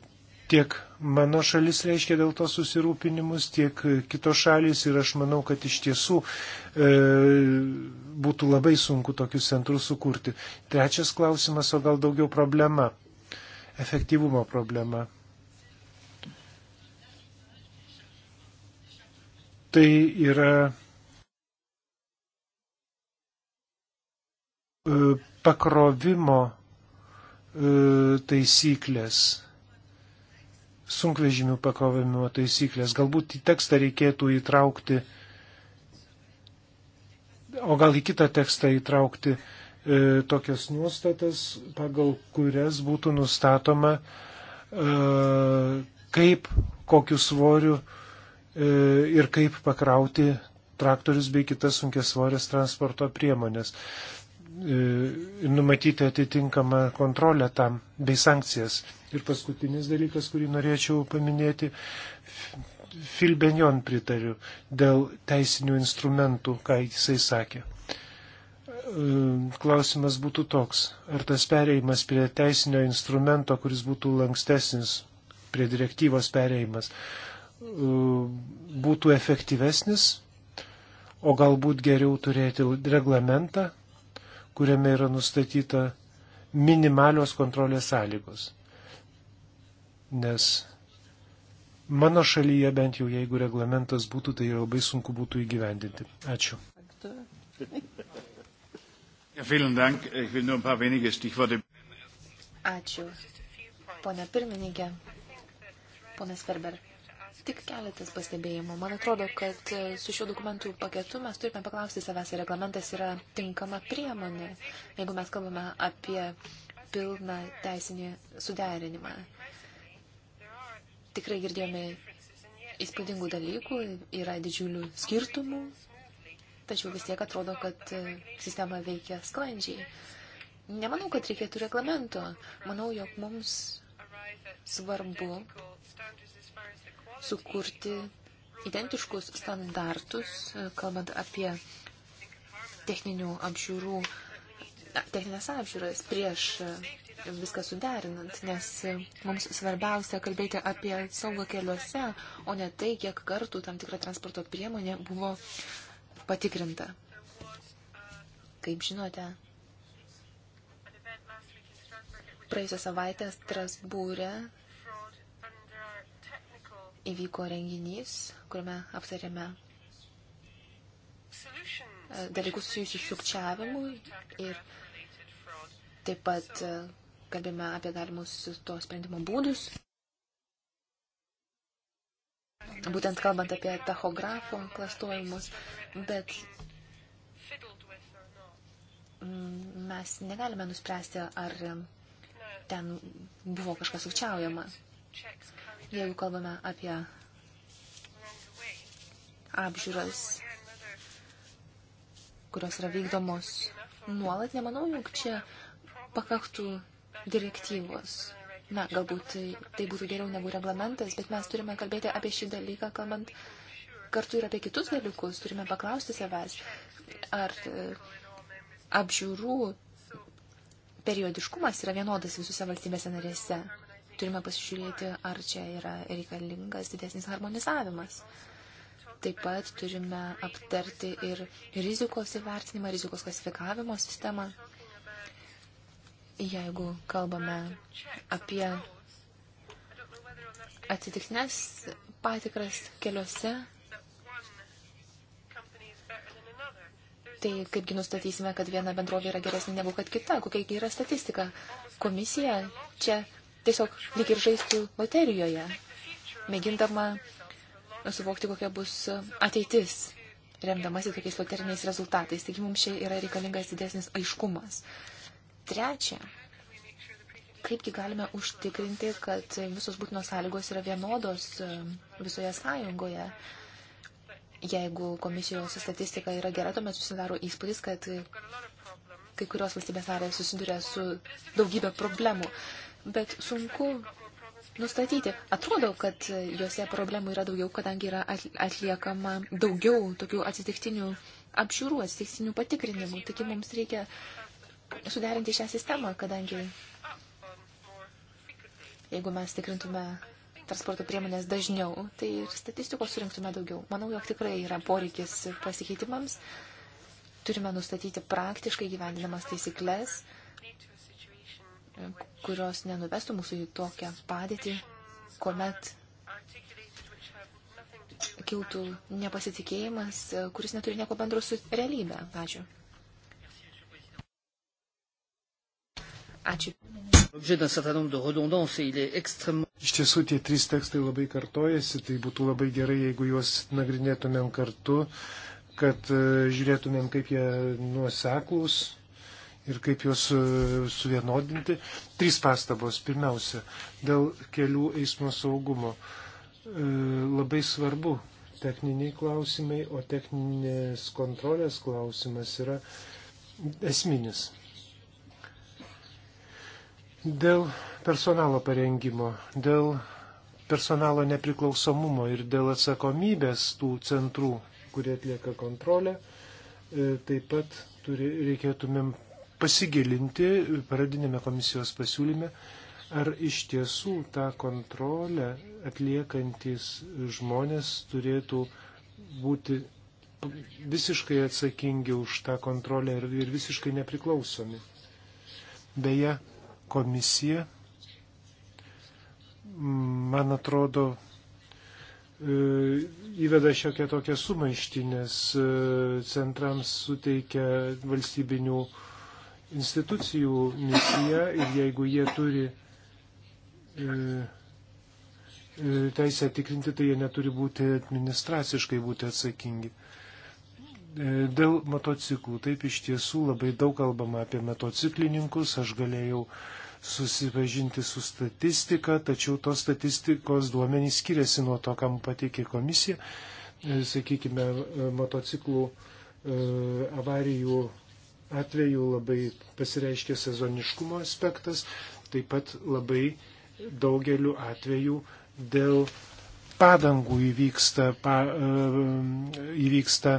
Tiek mano šalis reiškia dėl to susirūpinimus, tiek kitos šalis ir aš manau, kad iš tiesų e, būtų labai sunku tokius centrus sukurti. Trečias klausimas, o gal daugiau problema - efektyvumo problema. Tai yra e, pakrovimo e, taisyklės sunkvežimių pakrovimo taisyklės. Galbūt į tekstą reikėtų įtraukti, o gal į kitą tekstą įtraukti e, tokias nuostatas, pagal kurias būtų nustatoma, e, kaip, kokiu svoriu e, ir kaip pakrauti traktorius bei kitas sunkesvorės transporto priemonės. E, numatyti atitinkamą kontrolę tam bei sankcijas. Ir paskutinis dalykas, kurį norėčiau paminėti, Filbenion pritariu dėl teisinių instrumentų, ką jisai sakė. E, klausimas būtų toks, ar tas pereimas prie teisinio instrumento, kuris būtų lankstesnis, prie direktyvos pereimas, e, būtų efektyvesnis, o galbūt geriau turėti reglamentą, kuriame yra nustatyta minimalios kontrolės sąlygos. Nes mano šalyje bent jau jeigu reglamentas būtų, tai labai sunku būtų įgyvendinti. Ačiū. Ačiū. Pone pirmininkė, ponas Ferber, Tik keletas pastebėjimų. Man atrodo, kad e, su šiuo dokumentų paketu mes turime paklausti savęs, ar reglamentas yra tinkama priemonė, jeigu mes kalbame apie pilną teisinį suderinimą. Tikrai girdėjome įspūdingų dalykų, yra didžiulių skirtumų, tačiau vis tiek atrodo, kad e, sistema veikia sklandžiai. Nemanau, kad reikėtų reglamento. Manau, jog mums svarbu sukurti identiškus standartus, e, kalbant apie techninių apžiūrų, techninės apžiūras prieš e, viską suderinant, nes e, mums svarbiausia kalbėti apie saugą keliuose, o ne tai, kiek kartų tam tikra transporto priemonė buvo patikrinta. Kaip žinote, praėjusią savaitę Strasbūrė įvyko renginys, kuriame aptarėme e, dalykus susijusius sukčiavimu ir taip pat e, kalbėjome apie galimus to sprendimo būdus. Būtent kalbant apie tachografo klastojimus, bet mes negalime nuspręsti, ar ten buvo kažkas sukčiaujama jeigu kalbame apie apžiūras, kurios yra vykdomos nuolat, nemanau, jog čia pakaktų direktyvos. Na, galbūt tai, tai būtų geriau negu reglamentas, bet mes turime kalbėti apie šį dalyką, kalbant kartu ir apie kitus dalykus. Turime paklausti savęs, ar e, apžiūrų periodiškumas yra vienodas visose valstybėse narėse turime pasižiūrėti, ar čia yra reikalingas didesnis harmonizavimas. Taip pat turime aptarti ir rizikos įvertinimą, rizikos klasifikavimo sistemą. Jeigu kalbame apie atsitiknes patikras keliuose, tai kaipgi nustatysime, kad viena bendrovė yra geresnė negu kad kita, kokia yra statistika. Komisija čia tiesiog lyg ir žaistų loterijoje, mėgindama suvokti, kokia bus ateitis, remdamasi tokiais loteriniais rezultatais. Taigi mums čia yra reikalingas didesnis aiškumas. Trečia, kaipgi galime užtikrinti, kad visos būtinos sąlygos yra vienodos e, visoje sąjungoje. Jeigu komisijos statistika yra gera, tuomet susidaro įspūdis, kad kai kurios valstybės narės susiduria su daugybė problemų bet sunku nustatyti. Atrodo, kad juose problemų yra daugiau, kadangi yra atliekama daugiau tokių atsitiktinių apžiūrų, atsitiktinių patikrinimų. Taigi mums reikia suderinti šią sistemą, kadangi jeigu mes tikrintume transporto priemonės dažniau, tai ir statistikos surinktume daugiau. Manau, jog tikrai yra poreikis pasikeitimams. Turime nustatyti praktiškai gyvendinamas taisyklės kurios nenuvestų mūsų į tokią padėtį, kuomet kiltų nepasitikėjimas, kuris neturi nieko bendro su realybė. Ačiū. Ačiū. Iš tiesų tie trys tekstai labai kartojasi, tai būtų labai gerai, jeigu juos nagrinėtumėm kartu, kad e, žiūrėtumėm, kaip jie nuoseklus ir kaip juos e, suvienodinti. Trys pastabos. Pirmiausia, dėl kelių eismo saugumo. E, labai svarbu techniniai klausimai, o techninės kontrolės klausimas yra esminis. Dėl personalo parengimo, dėl personalo nepriklausomumo ir dėl atsakomybės tų centrų, kurie atlieka kontrolę, e, taip pat turi, reikėtumėm pasigilinti pradinėme komisijos pasiūlyme, ar iš tiesų tą kontrolę atliekantis žmonės turėtų būti visiškai atsakingi už tą kontrolę ir, ir visiškai nepriklausomi. Beje, komisija, man atrodo, e, įveda šiokią tokią sumaištį, nes e, centrams suteikia valstybinių institucijų misija ir jeigu jie turi e, e, teisę tikrinti, tai jie neturi būti administraciškai būti atsakingi. E, dėl motociklų, taip iš tiesų labai daug kalbama apie motociklininkus, aš galėjau susipažinti su statistika, tačiau tos statistikos duomenys skiriasi nuo to, kam pateikė komisija. E, sakykime, motociklų avarijų atveju labai pasireiškia sezoniškumo aspektas, taip pat labai daugeliu atveju dėl padangų įvyksta, pa, e, įvyksta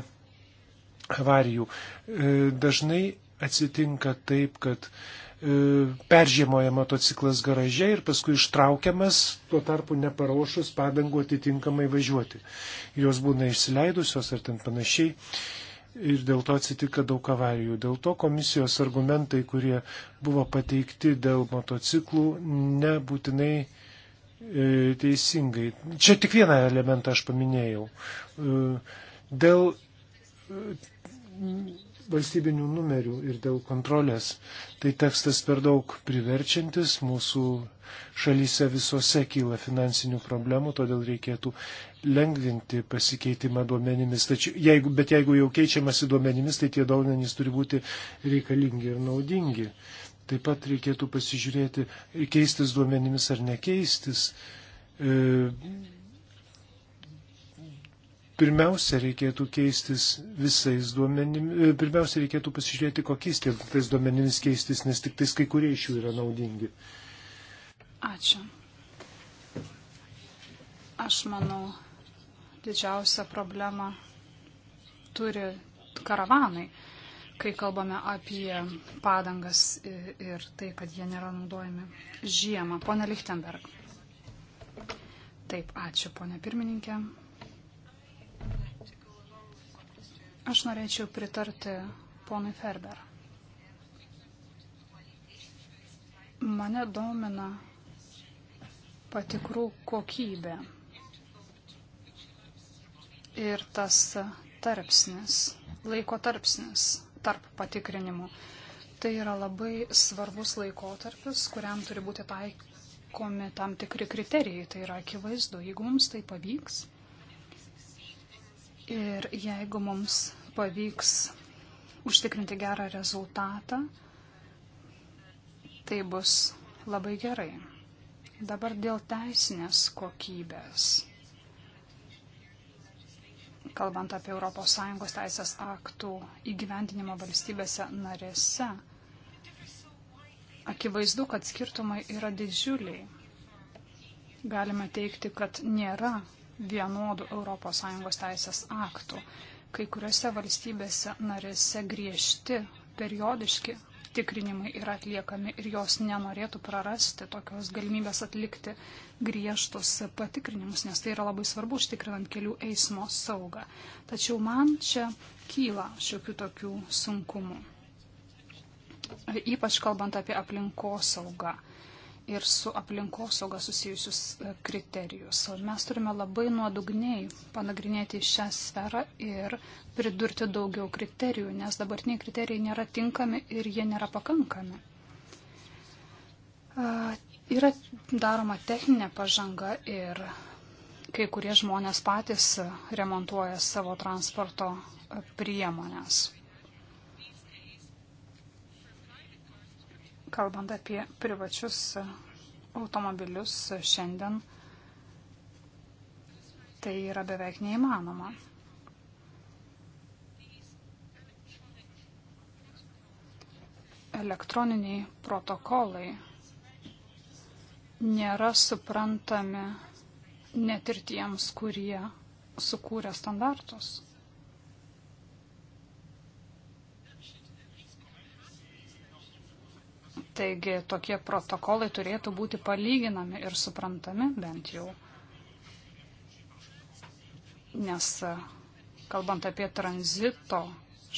avarijų. E, dažnai atsitinka taip, kad e, peržiemoja motociklas garaže ir paskui ištraukiamas, tuo tarpu neparuošus padangų atitinkamai važiuoti. Jos būna išsileidusios ar ten panašiai ir dėl to atsitika daug avarijų. Dėl to komisijos argumentai, kurie buvo pateikti dėl motociklų, nebūtinai e, teisingai. Čia tik vieną elementą aš paminėjau. E, dėl e, valstybinių numerių ir dėl kontrolės. Tai tekstas per daug priverčiantis, mūsų šalyse visose kyla finansinių problemų, todėl reikėtų lengvinti pasikeitimą duomenimis. Tačiau, jeigu, bet jeigu jau keičiamasi duomenimis, tai tie duomenys turi būti reikalingi ir naudingi. Taip pat reikėtų pasižiūrėti, keistis duomenimis ar nekeistis. E, Pirmiausia, reikėtų keistis visais duomenimis, e, pirmiausia, reikėtų pasižiūrėti, kokiais tais duomenimis keistis, nes tik tais kai kurie iš jų yra naudingi. Ačiū. Aš manau, didžiausia problema turi karavanai, kai kalbame apie padangas ir tai, kad jie nėra naudojami žiemą. Pone Lichtenberg. Taip, ačiū, ponė pirmininkė. Aš norėčiau pritarti ponui Ferber. Mane domina patikrų kokybė ir tas tarpsnis, laiko tarpsnis tarp patikrinimų. Tai yra labai svarbus laikotarpis, kuriam turi būti taikomi tam tikri kriterijai. Tai yra akivaizdu, jeigu mums tai pavyks, Ir jeigu mums pavyks užtikrinti gerą rezultatą, tai bus labai gerai. Dabar dėl teisinės kokybės. Kalbant apie ES teisės aktų įgyvendinimo valstybėse narėse, akivaizdu, kad skirtumai yra didžiuliai. Galima teikti, kad nėra vienodų ES teisės aktų. Kai kuriuose valstybėse narėse griežti periodiški tikrinimai yra atliekami ir jos nenorėtų prarasti tokios galimybės atlikti griežtus patikrinimus, nes tai yra labai svarbu užtikrinant kelių eismo saugą. Tačiau man čia kyla šiokių tokių sunkumų. Ypač kalbant apie aplinkosaugą. saugą ir su aplinkosauga susijusius e, kriterijus. Mes turime labai nuodugniai panagrinėti šią sferą ir pridurti daugiau kriterijų, nes dabartiniai kriterijai nėra tinkami ir jie nėra pakankami. E, yra daroma techninė pažanga ir kai kurie žmonės patys remontuoja savo transporto priemonės. Kalbant apie privačius e, automobilius e, šiandien, tai yra beveik neįmanoma. Elektroniniai protokolai nėra suprantami net ir tiems, kurie sukūrė standartus. Taigi tokie protokolai turėtų būti palyginami ir suprantami bent jau. Nes e, kalbant apie tranzito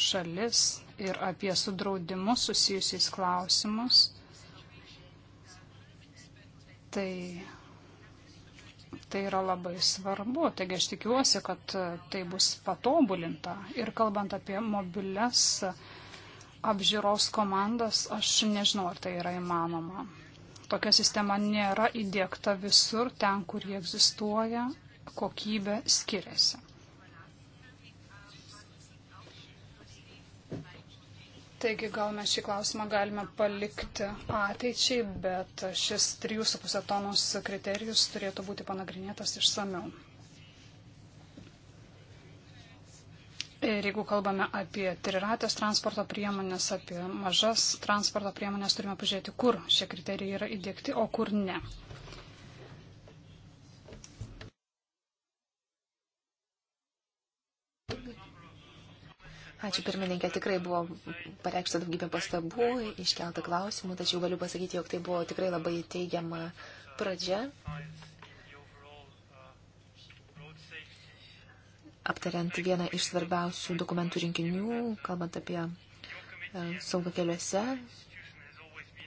šalis ir apie sudraudimus susijusiais klausimus, tai, tai yra labai svarbu. Taigi aš tikiuosi, kad e, tai bus patobulinta. Ir kalbant apie mobiles, uh, apžiūros komandas, aš nežinau, ar tai yra įmanoma. Tokia sistema nėra įdėkta visur, ten, kur jie egzistuoja, kokybė skiriasi. Taigi gal mes šį klausimą galime palikti ateičiai, bet šis 3,5 tonos kriterijus turėtų būti panagrinėtas išsameu. Ir jeigu kalbame apie triratės transporto priemonės, apie mažas transporto priemonės, turime pažiūrėti, kur šie kriterijai yra įdėkti, o kur ne. Ačiū pirmininkė, tikrai buvo pareikšta daugybė pastabų, iškelta klausimų, tačiau galiu pasakyti, jog tai buvo tikrai labai teigiama pradžia. aptariant vieną iš svarbiausių dokumentų rinkinių, kalbant apie e, saugą keliuose.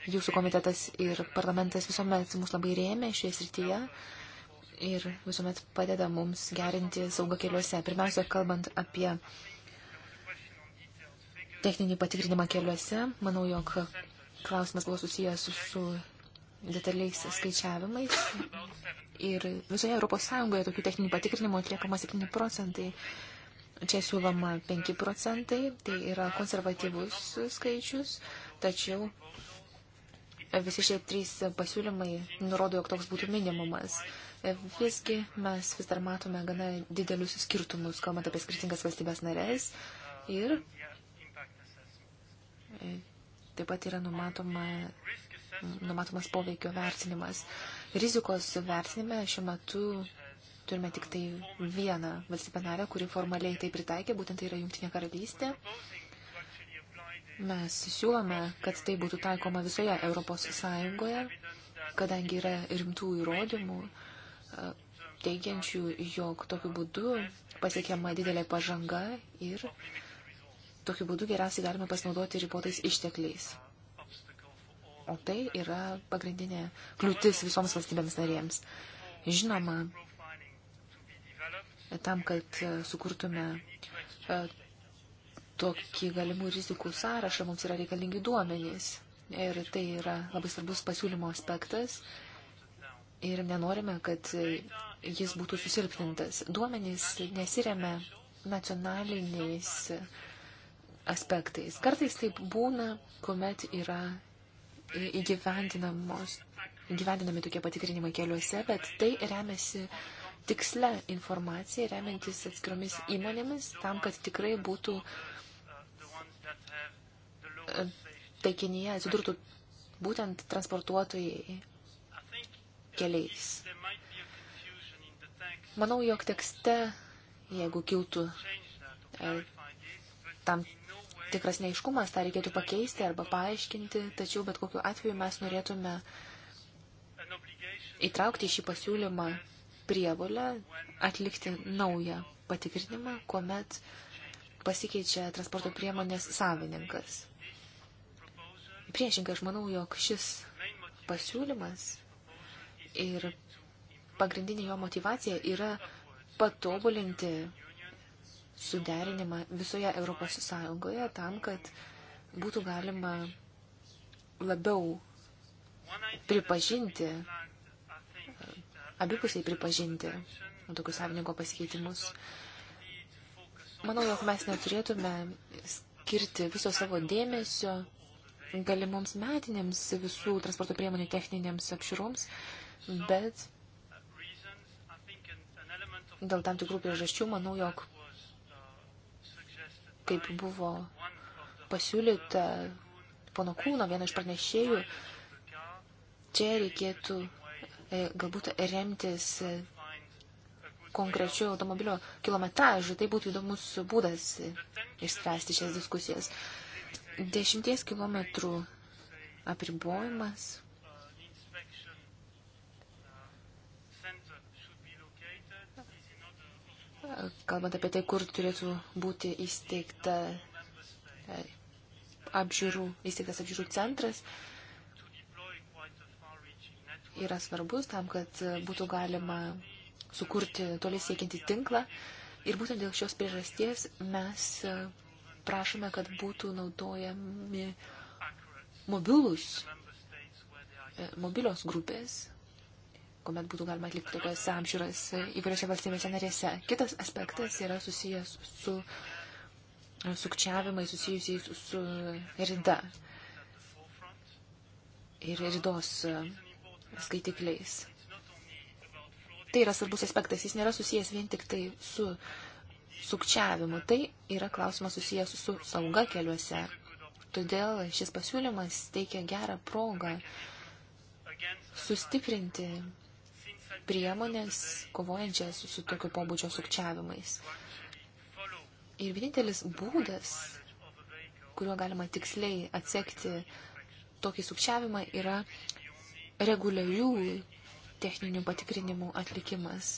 Jūsų komitetas ir parlamentas visuomet mus labai rėmė šioje srityje ir visuomet padeda mums gerinti saugą keliuose. Pirmiausia, kalbant apie techninį patikrinimą keliuose, manau, jog klausimas buvo susijęs su detaliais skaičiavimais. Ir visoje Europos Sąjungoje tokių techninių patikrinimų atliekama 7 procentai. Čia siūloma 5 procentai, tai yra konservatyvus skaičius, tačiau visi šie trys pasiūlymai nurodo, jog toks būtų minimumas. Visgi mes vis dar matome gana didelius skirtumus, kalbant apie skirtingas valstybės narės. Ir taip pat yra numatoma numatomas poveikio vertinimas. Rizikos vertinime šiuo metu turime tik tai vieną valstybę narę, kuri formaliai tai pritaikė, būtent tai yra Jungtinė karalystė. Mes siūlome, kad tai būtų taikoma visoje Europos Sąjungoje, kadangi yra rimtų įrodymų, teigiančių, jog tokiu būdu pasiekiama didelė pažanga ir tokiu būdu geriausiai galime pasinaudoti ribotais ištekliais. O tai yra pagrindinė kliūtis visoms valstybėms narėms. Žinoma, tam, kad e, sukurtume e, tokį galimų rizikų sąrašą, mums yra reikalingi duomenys. Ir tai yra labai svarbus pasiūlymo aspektas. Ir nenorime, kad e, jis būtų susilpnintas. Duomenys nesiremia nacionaliniais aspektais. Kartais taip būna, kuomet yra įgyvendinami tokie patikrinimai keliuose, bet tai remiasi tiksle informacija, remiantis atskiromis įmonėmis, tam, kad tikrai būtų e, taikinyje atsidurtų būtent transportuotojai keliais. Manau, jog tekste, jeigu kiltų e, tam tikras neiškumas, tą reikėtų pakeisti arba paaiškinti, tačiau bet kokiu atveju mes norėtume įtraukti šį pasiūlymą prievolę atlikti naują patikrinimą, kuomet pasikeičia transporto priemonės savininkas. Priešingai, aš manau, jog šis pasiūlymas ir pagrindinė jo motivacija yra patobulinti suderinimą visoje Europos Sąjungoje tam, kad būtų galima labiau pripažinti, abipusiai pripažinti tokius savininko pasikeitimus. Manau, jog mes neturėtume skirti viso savo dėmesio galimoms metinėms visų transporto priemonių techninėms apširoms, bet dėl tam tikrų priežasčių manau, jog kaip buvo pasiūlyta pono kūno, vieno iš pranešėjų, čia reikėtų e, galbūt remtis e, konkrečiu automobilio kilometražu. Tai būtų įdomus būdas e, išspręsti šias diskusijas. Dešimties kilometrų apribojimas kalbant apie tai, kur turėtų būti įsteigta e, apžiūrų, įsteigtas apžiūrų centras, yra svarbus tam, kad būtų galima sukurti toliai siekinti tinklą. Ir būtent dėl šios priežasties mes e, prašome, kad būtų naudojami mobilus, e, mobilios grupės kuomet būtų galima atlikti tokias apžiūras įvairiose valstybėse narėse. Kitas aspektas yra susijęs su sukčiavimai susijusiais su rida ir ridos skaitikliais. Tai yra svarbus aspektas, jis nėra susijęs vien tik tai su sukčiavimu, tai yra klausimas susijęs su sauga keliuose. Todėl šis pasiūlymas teikia gerą progą sustiprinti priemonės kovojančias su tokiu pobūdžio sukčiavimais. Ir vienintelis būdas, kuriuo galima tiksliai atsekti tokį sukčiavimą, yra reguliarių techninių patikrinimų atlikimas.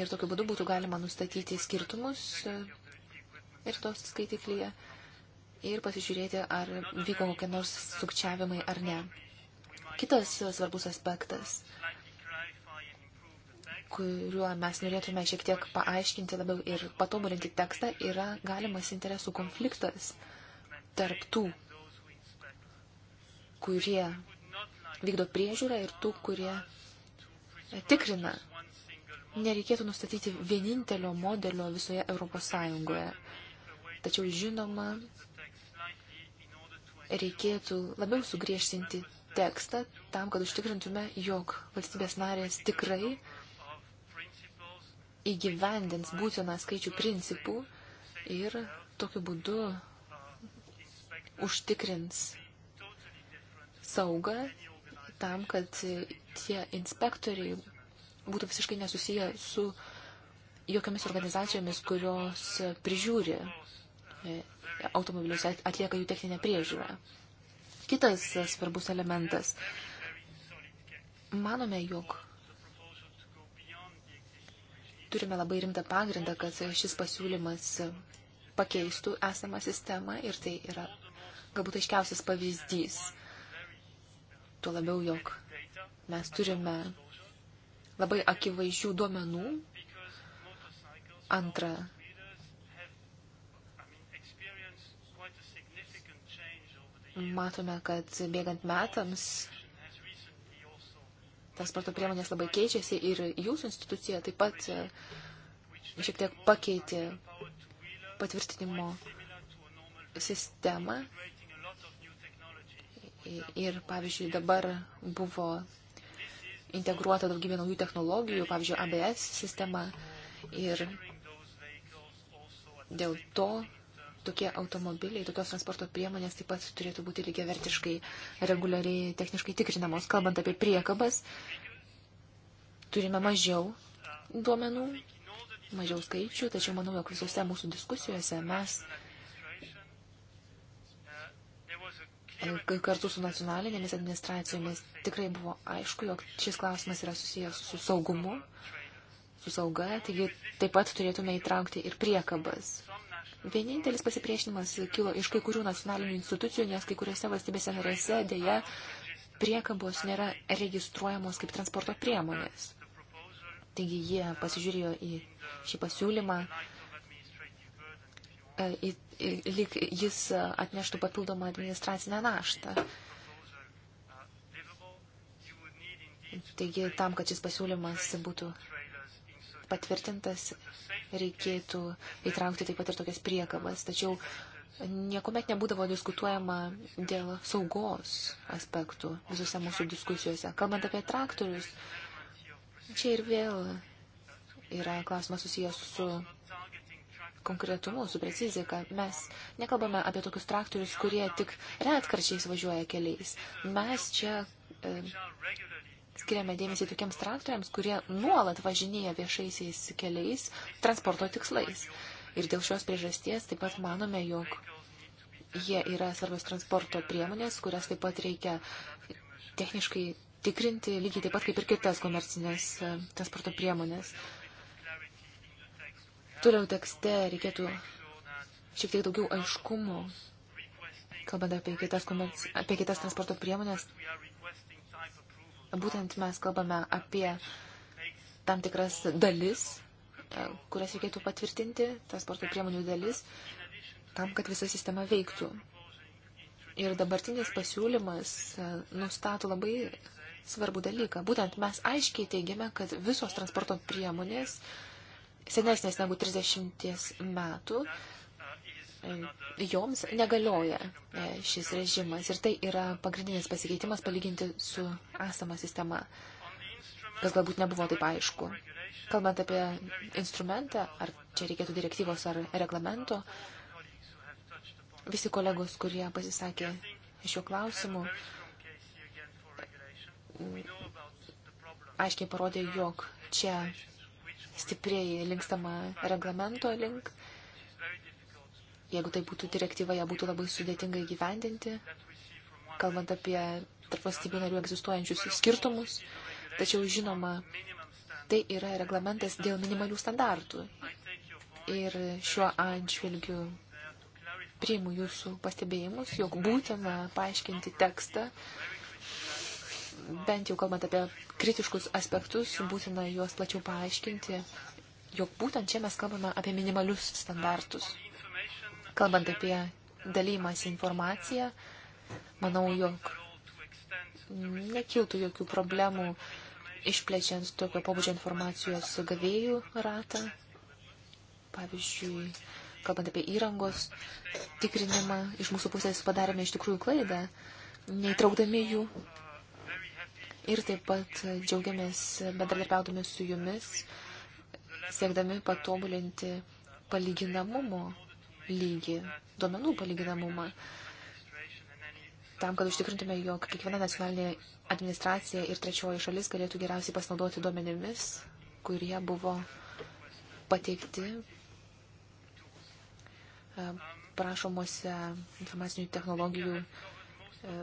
Ir tokiu būdu būtų galima nustatyti skirtumus ir tos skaitiklyje ir pasižiūrėti, ar vyko kokie nors sukčiavimai ar ne. Kitas svarbus aspektas kuriuo mes norėtume šiek tiek paaiškinti labiau ir patobulinti tekstą, yra galimas interesų konfliktas tarp tų, kurie vykdo priežiūrą ir tų, kurie tikrina. Nereikėtų nustatyti vienintelio modelio visoje Europos Sąjungoje. Tačiau, žinoma, reikėtų labiau sugriežtinti tekstą tam, kad užtikrintume, jog valstybės narės tikrai įgyvendins būtiną skaičių principų ir tokiu būdu užtikrins saugą tam, kad tie inspektoriai būtų visiškai nesusiję su jokiamis organizacijomis, kurios prižiūri e, automobilius, atlieka jų techninę priežiūrą. Kitas svarbus elementas. Manome, jog turime labai rimtą pagrindą, kad šis pasiūlymas pakeistų esamą sistemą ir tai yra galbūt aiškiausias pavyzdys. Tuo labiau, jog mes turime labai akivaizdžių duomenų. Antra, matome, kad bėgant metams transporto priemonės labai keičiasi ir jūsų institucija taip pat e, šiek tiek pakeitė patvirtinimo sistemą. Ir, pavyzdžiui, dabar buvo integruota daugybė naujų technologijų, pavyzdžiui, ABS sistema. Ir dėl to tokie automobiliai, tokios transporto priemonės taip pat turėtų būti lygiavertiškai, reguliariai, techniškai tikrinamos. Kalbant apie priekabas, turime mažiau duomenų, mažiau skaičių, tačiau manau, jog visose mūsų diskusijose mes kartu su nacionalinėmis administracijomis tikrai buvo aišku, jog šis klausimas yra susijęs su saugumu, su sauga, taigi taip pat turėtume įtraukti ir priekabas, Vienintelis pasipriešinimas kilo iš kai kurių nacionalinių institucijų, nes kai kuriuose valstybėse narėse dėja priekabos nėra registruojamos kaip transporto priemonės. Taigi jie pasižiūrėjo į šį pasiūlymą, e, į, į, lyg jis atneštų papildomą administracinę naštą. Taigi tam, kad šis pasiūlymas būtų patvirtintas, reikėtų įtraukti taip pat ir tokias priekabas. Tačiau niekuomet nebūdavo diskutuojama dėl saugos aspektų visose mūsų diskusijose. Kalbant apie traktorius, čia ir vėl yra klausimas susijęs su konkretumu, su precizika. Mes nekalbame apie tokius traktorius, kurie tik retkarčiais važiuoja keliais. Mes čia e, skiriame dėmesį tokiems traktoriams, kurie nuolat važinėja viešaisiais keliais transporto tikslais. Ir dėl šios priežasties taip pat manome, jog jie yra svarbios transporto priemonės, kurias taip pat reikia techniškai tikrinti, lygiai taip pat kaip ir kitas komercinės e, transporto priemonės. Toliau tekste reikėtų šiek tiek daugiau aiškumo, kalbant apie kitas, komerci... apie kitas transporto priemonės, būtent mes kalbame apie tam tikras dalis, e, kurias reikėtų patvirtinti, transporto priemonių dalis, tam, kad visa sistema veiktų. Ir dabartinis pasiūlymas e, nustato labai svarbų dalyką. Būtent mes aiškiai teigiame, kad visos transporto priemonės senesnės negu 30 metų E, joms negalioja e, šis režimas ir tai yra pagrindinis pasikeitimas palyginti su esama sistema, kas galbūt nebuvo taip aišku. Kalbant apie instrumentą, ar čia reikėtų direktyvos ar reglamento, visi kolegos, kurie pasisakė šiuo klausimu, aiškiai parodė, jog čia stipriai linkstama reglamento link Jeigu tai būtų direktyva, ją būtų labai sudėtinga įgyvendinti, kalbant apie tarp valstybių narių egzistuojančius skirtumus. Tačiau, žinoma, tai yra reglamentas dėl minimalių standartų. Ir šiuo atžvilgiu priimu jūsų pastebėjimus, jog būtina paaiškinti tekstą, bent jau kalbant apie kritiškus aspektus, būtina juos plačiau paaiškinti, jog būtent čia mes kalbame apie minimalius standartus. Kalbant apie dalymąsi informaciją, manau, jog nekiltų jokių problemų išplečiant tokio pobūdžio informacijos gavėjų ratą. Pavyzdžiui, kalbant apie įrangos tikrinimą, iš mūsų pusės padarėme iš tikrųjų klaidą, neįtraukdami jų. Ir taip pat džiaugiamės bendradarbiaudami su jumis, siekdami patobulinti palyginamumo lygį, duomenų palyginamumą, tam, kad užtikrintume, jog kiekviena nacionalinė administracija ir trečioji šalis galėtų geriausiai pasinaudoti duomenimis, kurie buvo pateikti e, prašomuose informacinių technologijų e,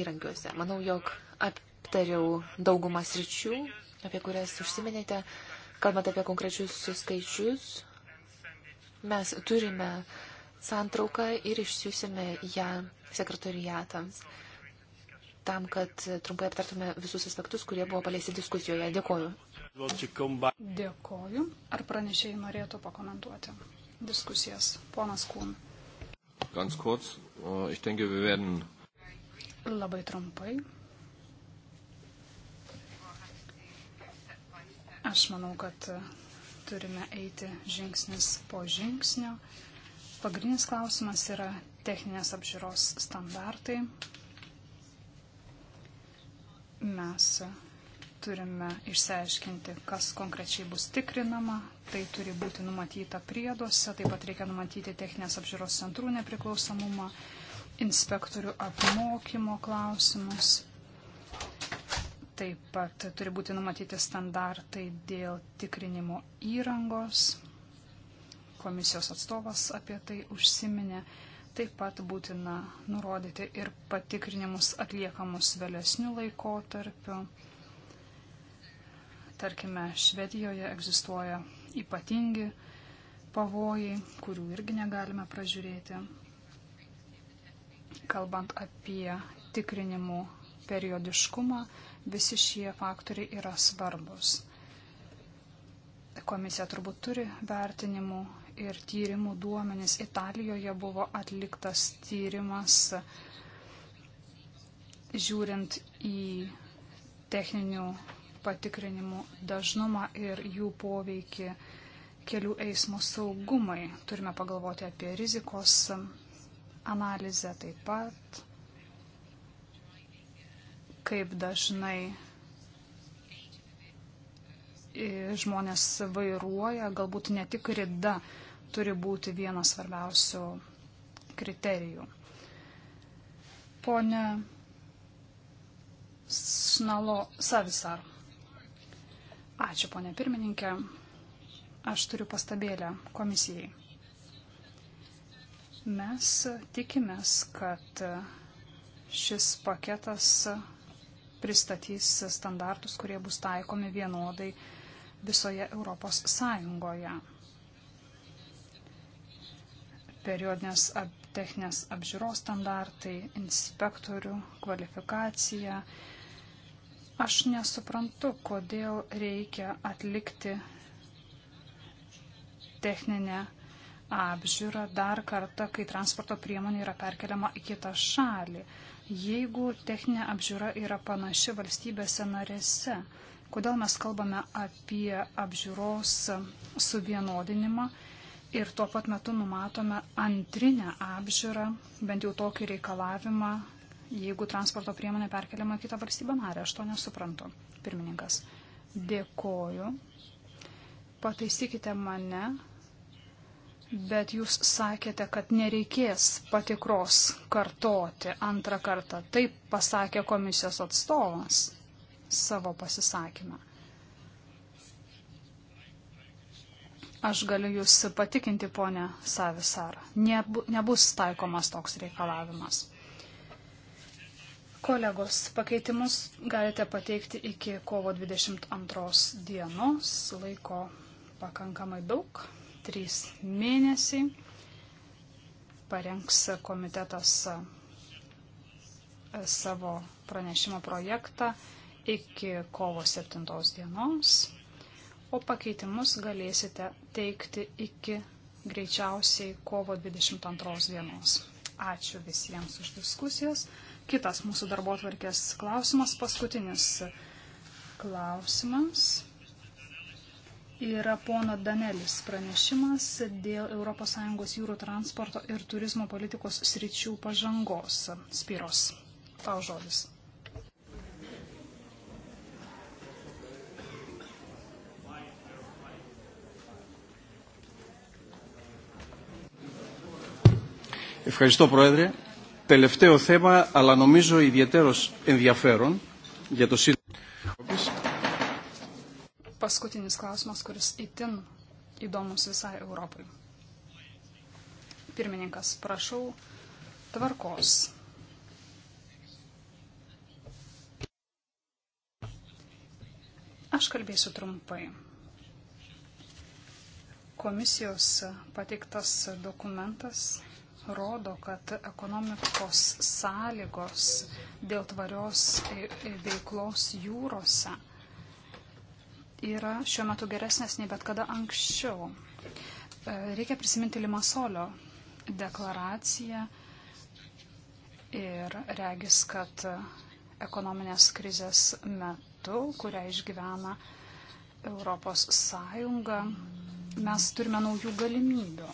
įrankiuose. Manau, jog aptariau daugumą sričių, apie kurias užsiminėte, kalbant apie konkrečius skaičius, Mes turime santrauką ir išsiusime ją sekretoriatams tam, kad trumpai aptartume visus aspektus, kurie buvo paleisti diskusijoje. Dėkoju. Dėkoju. Ar pranešėjai norėtų pakomentuoti diskusijas? Ponas Kūn. Ganz kurz, äh, ich denke, wir werden. Labai trumpai. Aš manau, kad turime eiti žingsnis po žingsnio. Pagrindinis klausimas yra techninės apžiūros standartai. Mes turime išsiaiškinti, kas konkrečiai bus tikrinama, tai turi būti numatyta prieduose, taip pat reikia numatyti techninės apžiūros centrų nepriklausomumą, inspektorių apmokymo klausimus. Taip pat turi būti numatyti standartai dėl tikrinimo įrangos. Komisijos atstovas apie tai užsiminė. Taip pat būtina nurodyti ir patikrinimus atliekamus vėlesnių laikotarpių. Tarkime, Švedijoje egzistuoja ypatingi pavojai, kurių irgi negalime pražiūrėti. Kalbant apie tikrinimų periodiškumą, Visi šie faktoriai yra svarbus. Komisija turbūt turi vertinimų ir tyrimų duomenys. Italijoje buvo atliktas tyrimas žiūrint į techninių patikrinimų dažnumą ir jų poveikį kelių eismo saugumai. Turime pagalvoti apie rizikos analizę taip pat kaip dažnai žmonės vairuoja, galbūt ne tik rida turi būti vienas svarbiausių kriterijų. Pone Snalo Savisar. Ačiū, ponė pirmininkė. Aš turiu pastabėlę komisijai. Mes tikimės, kad šis paketas pristatys standartus, kurie bus taikomi vienodai visoje Europos Sąjungoje. Periodinės techninės apžiūros standartai, inspektorių kvalifikacija. Aš nesuprantu, kodėl reikia atlikti techninę apžiūrą dar kartą, kai transporto priemonė yra perkeliama į kitą šalį jeigu techninė apžiūra yra panaši valstybėse narėse. Kodėl mes kalbame apie apžiūros suvienodinimą ir tuo pat metu numatome antrinę apžiūrą, bent jau tokį reikalavimą, jeigu transporto priemonė perkeliama į kitą valstybę narę. Aš to nesuprantu. Pirmininkas, dėkoju. Pataisykite mane, Bet jūs sakėte, kad nereikės patikros kartoti antrą kartą. Taip pasakė komisijos atstovas savo pasisakymą. Aš galiu jūs patikinti, ponė Savisar, nebu, nebus taikomas toks reikalavimas. Kolegos, pakeitimus galite pateikti iki kovo 22 dienos, laiko pakankamai daug trys mėnesiai. Parengs komitetas e, savo pranešimo projektą iki kovo 7 dienos, o pakeitimus galėsite teikti iki greičiausiai kovo 22 dienos. Ačiū visiems už diskusijas. Kitas mūsų darbo atvarkės klausimas, paskutinis klausimas yra pono Danelis pranešimas dėl ES jūrų transporto ir turizmo politikos sričių pažangos. Spiros, tau žodis. Ευχαριστώ Πρόεδρε. Τελευταίο θέμα, αλλά νομίζω ιδιαίτερος ενδιαφέρον για το σύνολο της paskutinis klausimas, kuris itin įdomus visai Europai. Pirmininkas, prašau tvarkos. Aš kalbėsiu trumpai. Komisijos pateiktas dokumentas rodo, kad ekonomikos sąlygos dėl tvarios veiklos jūrose yra šiuo metu geresnės nei bet kada anksčiau. E, reikia prisiminti Limasolio deklaraciją ir regis, kad ekonominės krizės metu, kurią išgyvena Europos Sąjunga, mes turime naujų galimybių.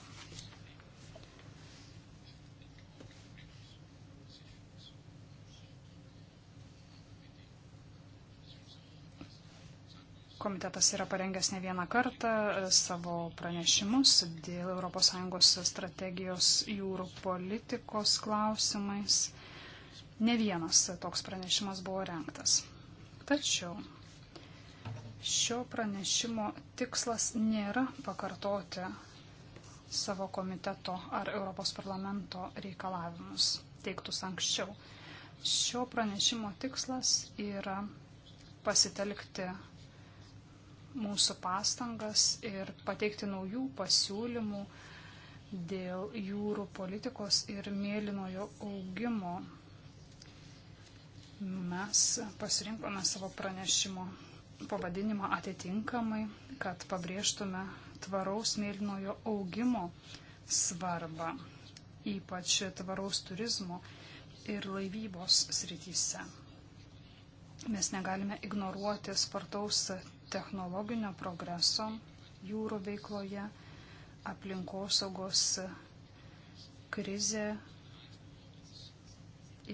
Komitetas yra parengęs ne vieną kartą e, savo pranešimus dėl ES strategijos jūrų politikos klausimais. Ne vienas toks pranešimas buvo rengtas. Tačiau šio pranešimo tikslas nėra pakartoti savo komiteto ar Europos parlamento reikalavimus teiktus anksčiau. Šio pranešimo tikslas yra pasitelkti mūsų pastangas ir pateikti naujų pasiūlymų dėl jūrų politikos ir mėlynojo augimo. Mes pasirinkome savo pranešimo pavadinimą atitinkamai, kad pabrėžtume tvaraus mėlynojo augimo svarbą, ypač tvaraus turizmo ir laivybos srityse. Mes negalime ignoruoti spartaus technologinio progreso jūrų veikloje, aplinkosaugos krizė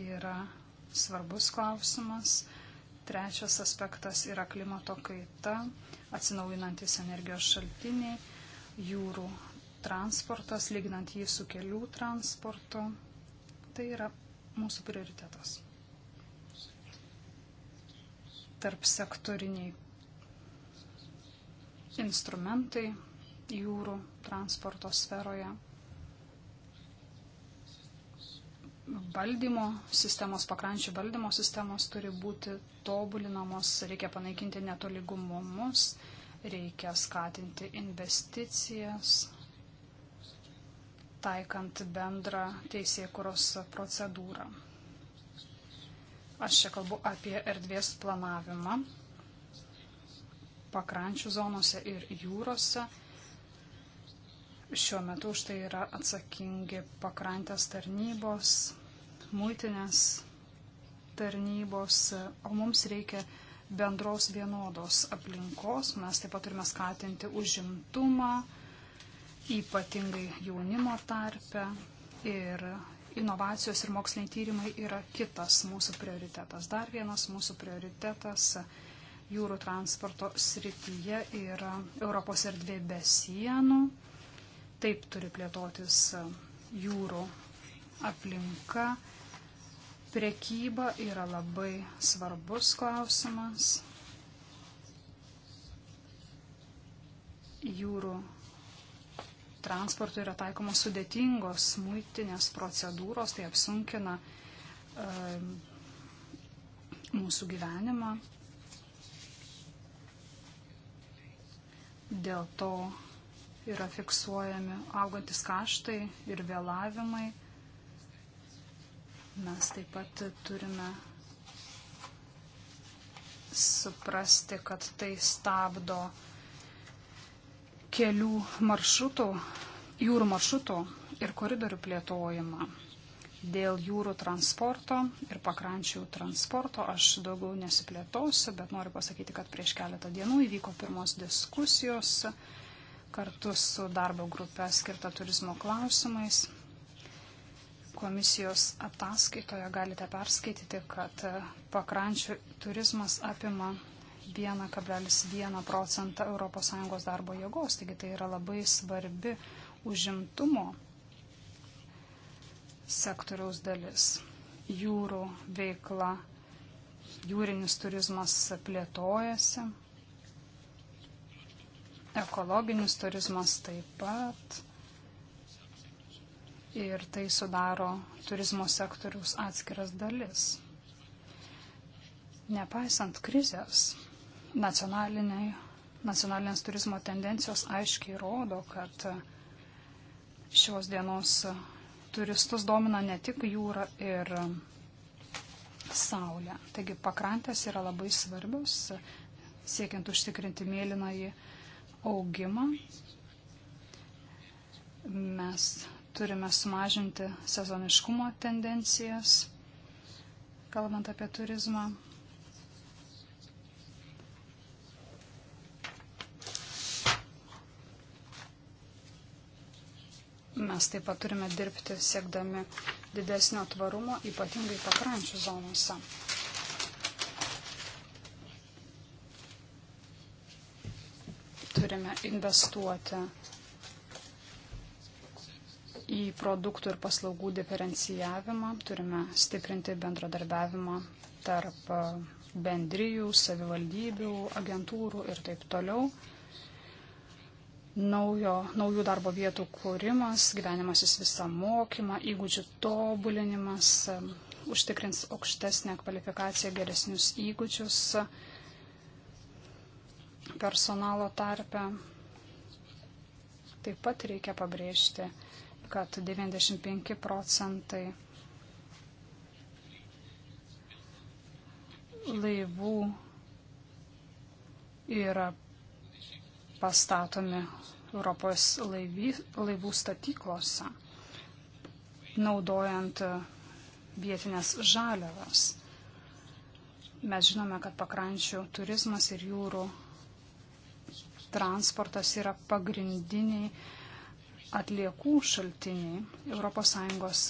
yra svarbus klausimas. Trečias aspektas yra klimato kaita, atsinaujinantis energijos šaltiniai, jūrų transportas, lyginant jį su kelių transportu. Tai yra mūsų prioritetas. Tarp sektoriniai instrumentai jūrų transporto sferoje, valdymo sistemos, pakrančių valdymo sistemos turi būti tobulinamos, reikia panaikinti netolygumumus, reikia skatinti investicijas, taikant bendrą teisėkuros procedūrą. Aš čia kalbu apie erdvės planavimą, pakrančių zonose ir jūrose. Šiuo metu už tai yra atsakingi pakrantės tarnybos, muitinės tarnybos, o mums reikia bendros vienodos aplinkos. Mes taip pat turime skatinti užimtumą, ypatingai jaunimo tarpe ir inovacijos ir moksliniai tyrimai yra kitas mūsų prioritetas. Dar vienas mūsų prioritetas jūrų transporto srityje yra Europos erdvė be sienų. Taip turi plėtotis e, jūrų aplinka. Prekyba yra labai svarbus klausimas. Jūrų transportui yra taikomos sudėtingos muitinės procedūros, tai apsunkina e, mūsų gyvenimą. Dėl to yra fiksuojami augantis kaštai ir vėlavimai. Mes taip pat turime suprasti, kad tai stabdo kelių maršrutų, jūrų maršrutų ir koridorių plėtojimą. Dėl jūrų transporto ir pakrančių transporto aš daugiau nesiplėtosiu, bet noriu pasakyti, kad prieš keletą dienų įvyko pirmos diskusijos kartu su darbo grupe skirta turizmo klausimais. Komisijos ataskaitoje galite perskaityti, kad pakrančių turizmas apima 1,1 procentą ES darbo jėgos, taigi tai yra labai svarbi užimtumo sektoriaus dalis. Jūrų veikla, jūrinis turizmas plėtojasi, ekologinis turizmas taip pat. Ir tai sudaro turizmo sektoriaus atskiras dalis. Nepaisant krizės, nacionaliniai nacionalinės turizmo tendencijos aiškiai rodo, kad šios dienos turistus domina ne tik jūra ir saulė. Taigi pakrantės yra labai svarbios, siekiant užtikrinti mėlynąjį augimą. Mes turime sumažinti sezoniškumo tendencijas, kalbant apie turizmą. Mes taip pat turime dirbti siekdami didesnio tvarumo, ypatingai pakrančių zonose. Turime investuoti į produktų ir paslaugų diferencijavimą, turime stiprinti bendradarbiavimą tarp bendrijų, savivaldybių, agentūrų ir taip toliau naujo, naujų darbo vietų kūrimas, gyvenimasis visą mokymą, įgūdžių tobulinimas, užtikrins aukštesnę kvalifikaciją, geresnius įgūdžius personalo tarpe. Taip pat reikia pabrėžti, kad 95 procentai laivų yra pastatomi Europos laivy, laivų statyklose, naudojant vietinės žaliavas. Mes žinome, kad pakrančių turizmas ir jūrų transportas yra pagrindiniai atliekų šaltiniai. ES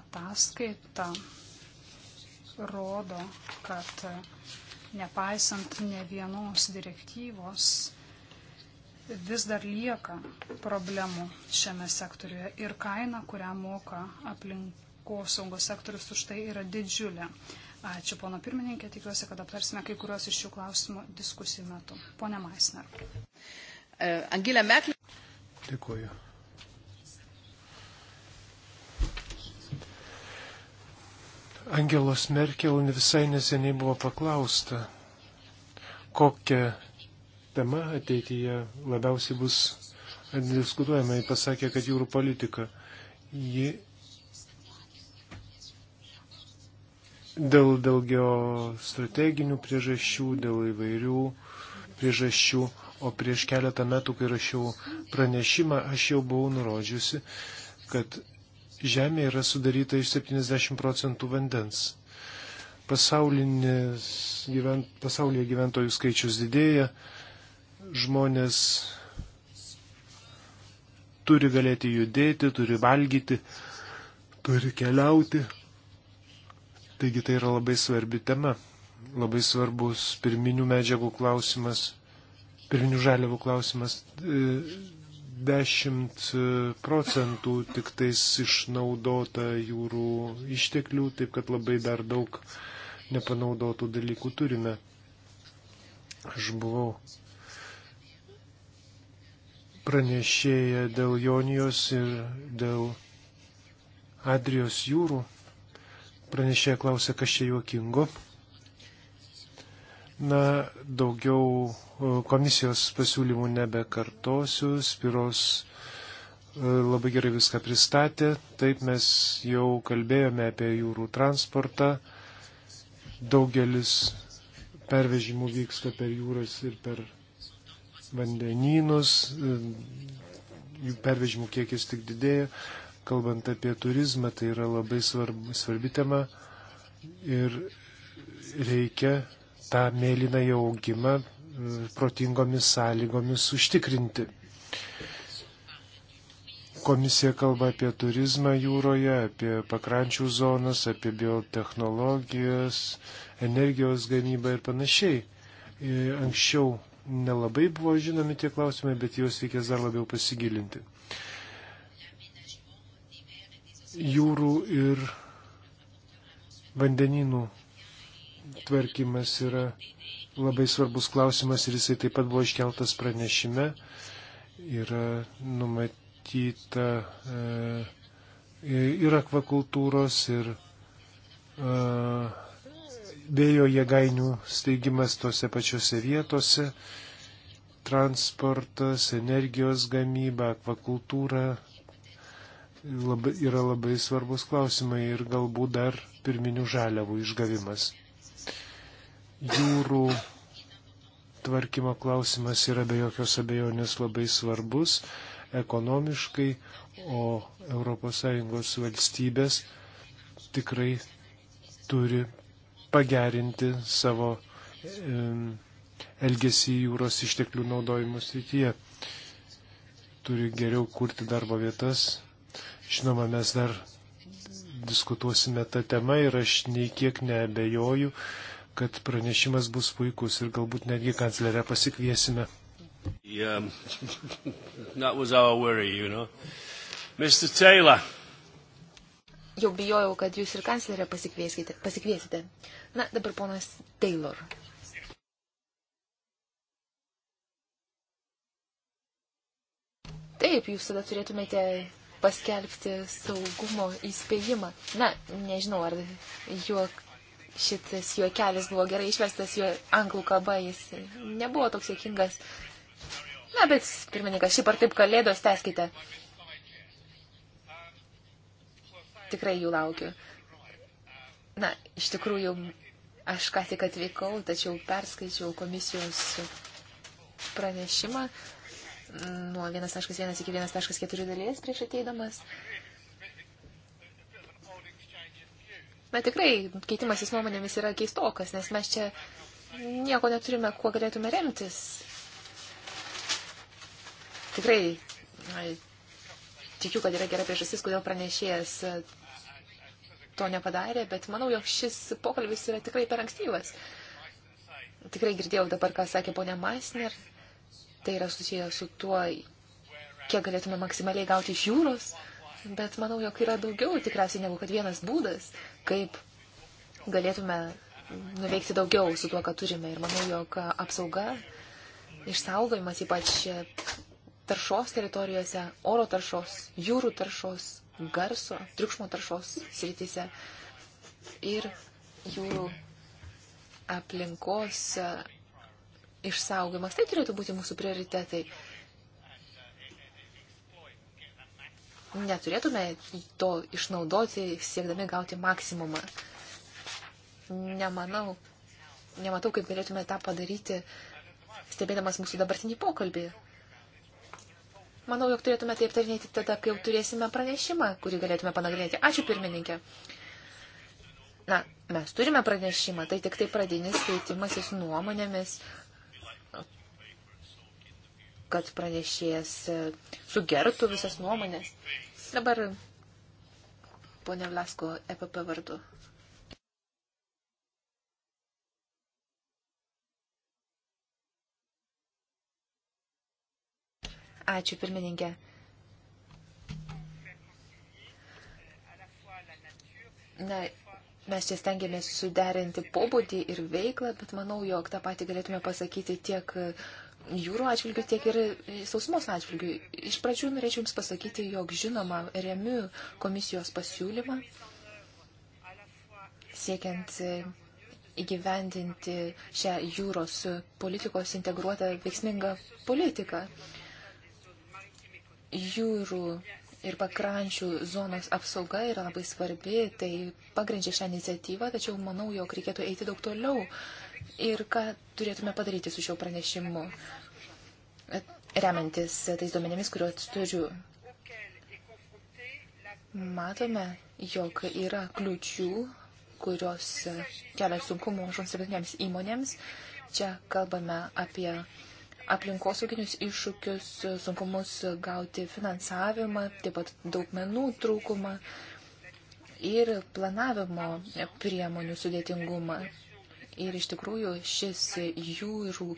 ataskaita rodo, kad nepaisant ne vienos direktyvos, vis dar lieka problemų šiame sektoriuje ir kaina, kurią moka aplinkosaugos sektorius už tai yra didžiulė. Ačiū, pono pirmininkė, tikiuosi, kad aptarsime kai kuriuos iš šių klausimų diskusijų metu. Pone Maisner. Eh, Angilė Meklė. Dėkuoju. Angelos Merkel visai neseniai buvo paklausta, kokią tema ateityje labiausiai bus diskutuojama. Jis pasakė, kad jūrų politika. Ji dėl daugio strateginių priežasčių, dėl įvairių priežasčių, o prieš keletą metų, kai rašiau pranešimą, aš jau buvau nurodžiusi, kad Žemė yra sudaryta iš 70 procentų vandens. Pasaulinės, gyvent, pasaulyje gyventojų skaičius didėja, žmonės turi galėti judėti, turi valgyti, turi keliauti. Taigi tai yra labai svarbi tema, labai svarbus pirminių medžiagų klausimas, pirminių žaliavų klausimas. 10 e, procentų tik tais išnaudota jūrų išteklių, taip kad labai dar daug nepanaudotų dalykų turime. Aš buvau pranešėja dėl Jonijos ir dėl Adrijos jūrų. Pranešėja klausė, kas čia juokingo. Na, daugiau e, komisijos pasiūlymų nebekartosiu. Spiros e, labai gerai viską pristatė. Taip mes jau kalbėjome apie jūrų transportą. Daugelis pervežimų vyksta per jūras ir per vandenynus, e, jų pervežimų kiekis tik didėja. Kalbant apie turizmą, tai yra labai svarb, svarbi tema ir reikia tą mėlyną augimą e, protingomis sąlygomis užtikrinti. Komisija kalba apie turizmą jūroje, apie pakrančių zonas, apie biotehnologijas, energijos gamybą ir panašiai. E, anksčiau nelabai buvo žinomi tie klausimai, bet juos reikės dar labiau pasigilinti. Jūrų ir vandeninų tvarkymas yra labai svarbus klausimas ir jisai taip pat buvo iškeltas pranešime. Yra numatyta e, ir akvakultūros, ir e, vėjo jėgainių steigimas tose pačiose vietose, transportas, energijos gamyba, akvakultūra labai, yra labai svarbus klausimai ir galbūt dar pirminių žaliavų išgavimas. Jūrų tvarkymo klausimas yra be jokios abejonės labai svarbus ekonomiškai, o ES valstybės tikrai turi pagerinti savo elgesį jūros išteklių naudojimo srityje. Turi geriau kurti darbo vietas. Žinoma, mes dar diskutuosime tą temą ir aš nei kiek neabejoju, kad pranešimas bus puikus ir galbūt netgi kanclerę pasikviesime. Yeah. <laughs> That was our worry, you know. Mr. Taylor jau bijojau, kad jūs ir kanclerę pasikvieskite, pasikviesite. Na, dabar ponas Taylor. Taip, jūs tada turėtumėte paskelbti saugumo įspėjimą. Na, nežinau, ar juok, šitas juokelis buvo gerai išvestas, jo anglų kalba jis nebuvo toks jėkingas. Na, bet pirmininkas, šiaip ar taip kalėdos teskite tikrai jų laukiu. Na, iš tikrųjų, aš ką tik atvykau, tačiau perskaičiau komisijos pranešimą nuo 1.1 iki 1.4 dalies prieš ateidamas. Na tikrai, keitimasis nuomonėmis yra keistokas, nes mes čia nieko neturime, kuo galėtume remtis. Tikrai, tikiu, kad yra gera priežastis, kodėl pranešėjas e, to nepadarė, bet manau, jog šis pokalbis yra tikrai per ankstyvas. Tikrai girdėjau dabar, ką sakė ponia Maisner. Tai yra susiję su tuo, kiek galėtume maksimaliai gauti iš jūros, bet manau, jog yra daugiau tikriausiai negu kad vienas būdas, kaip galėtume nuveikti daugiau su tuo, ką turime. Ir manau, jog apsauga, išsaugojimas, ypač taršos teritorijose, oro taršos, jūrų taršos, garso, triukšmo taršos srityse ir jūrų aplinkos e, išsaugimas. Tai turėtų būti mūsų prioritetai. Neturėtume to išnaudoti, siekdami gauti maksimumą. Nemanau, nematau, kaip galėtume tą padaryti, stebėdamas mūsų dabartinį pokalbį. Manau, jog turėtume tai aptarinėti tada, kai jau turėsime pranešimą, kurį galėtume panagrinėti. Ačiū pirmininkė. Na, mes turime pranešimą, tai tik tai pradinis skaitimasis nuomonėmis, kad pranešėjas e, sugertų visas nuomonės. Dabar ponia Vlasko EPP vardu. Ačiū, pirmininkė. Na, mes čia stengiamės suderinti pobūdį ir veiklą, bet manau, jog tą patį galėtume pasakyti tiek jūrų atžvilgių, tiek ir sausumos atžvilgių. Iš pradžių norėčiau Jums pasakyti, jog žinoma, remiu komisijos pasiūlymą siekiant įgyvendinti šią jūros politikos integruotą veiksmingą politiką jūrų ir pakrančių zonos apsauga yra labai svarbi, tai pagrindžia šią iniciatyvą, tačiau manau, jog reikėtų eiti daug toliau. Ir ką turėtume padaryti su šiuo pranešimu, remiantis tais duomenimis, kuriuos turiu. Matome, jog yra kliučių, kurios kelia sunkumų mažoms ir vidutinėms įmonėms. Čia kalbame apie aplinkosauginius iššūkius, sunkumus gauti finansavimą, taip pat daug menų trūkumą ir planavimo priemonių sudėtingumą. Ir iš tikrųjų šis jūrų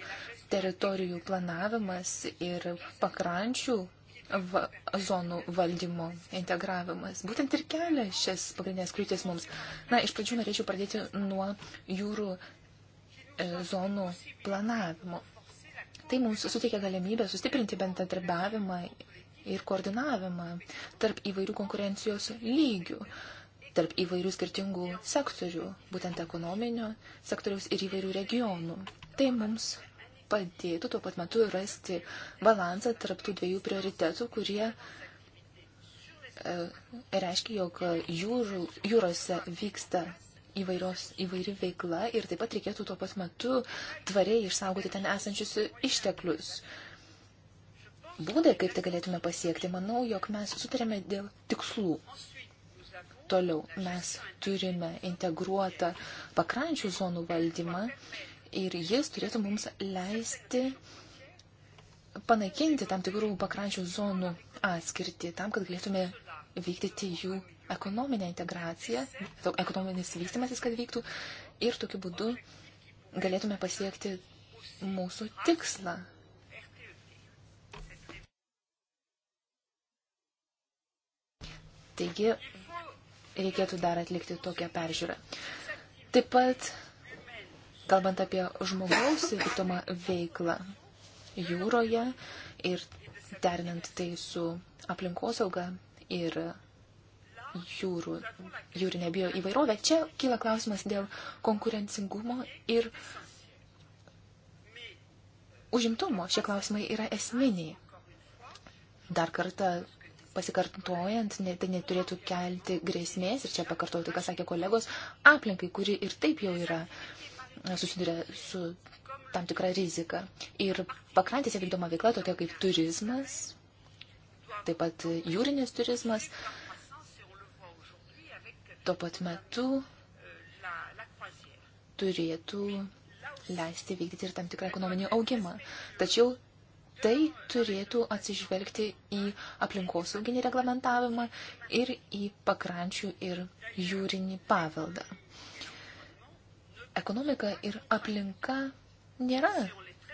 teritorijų planavimas ir pakrančių va, zonų valdymo integravimas būtent ir kelia šias pagrindinės kliūtis mums. Na, iš pradžių norėčiau pradėti nuo jūrų e, zonų planavimo. Tai mums suteikia galimybę sustiprinti bendradarbiavimą ir koordinavimą tarp įvairių konkurencijos lygių, tarp įvairių skirtingų sektorių, būtent ekonominio sektoriaus ir įvairių regionų. Tai mums padėtų tuo pat metu rasti balansą tarp tų dviejų prioritetų, kurie e, reiškia, jog jūrų, jūrose vyksta įvairios, įvairi veikla ir taip pat reikėtų tuo pat metu tvariai išsaugoti ten esančius išteklius. Būdai, kaip tai galėtume pasiekti, manau, jog mes sutarėme dėl tikslų. Toliau mes turime integruotą pakrančių zonų valdymą ir jis turėtų mums leisti panaikinti tam tikrų pakrančių zonų atskirti, tam, kad galėtume vykdyti jų ekonominę integraciją, ekonominis vystimasis, kad vyktų ir tokiu būdu galėtume pasiekti mūsų tikslą. Taigi, reikėtų dar atlikti tokią peržiūrą. Taip pat, kalbant apie žmogaus vykdomą veiklą jūroje ir derinant tai su aplinkosauga ir jūrų, jūrinę bio įvairovę. Čia kyla klausimas dėl konkurencingumo ir užimtumo. Šie klausimai yra esminiai. Dar kartą pasikartojant, net, tai neturėtų kelti grėsmės, ir čia pakartoti, ką sakė kolegos, aplinkai, kuri ir taip jau yra e, susiduria su tam tikra rizika. Ir pakrantėse vykdoma veikla, tokia kaip turizmas, taip pat jūrinis turizmas. Tuo pat metu turėtų leisti vykdyti ir tam tikrą ekonominį augimą. Tačiau tai turėtų atsižvelgti į aplinkosauginį reglamentavimą ir į pakrančių ir jūrinį paveldą. Ekonomika ir aplinka nėra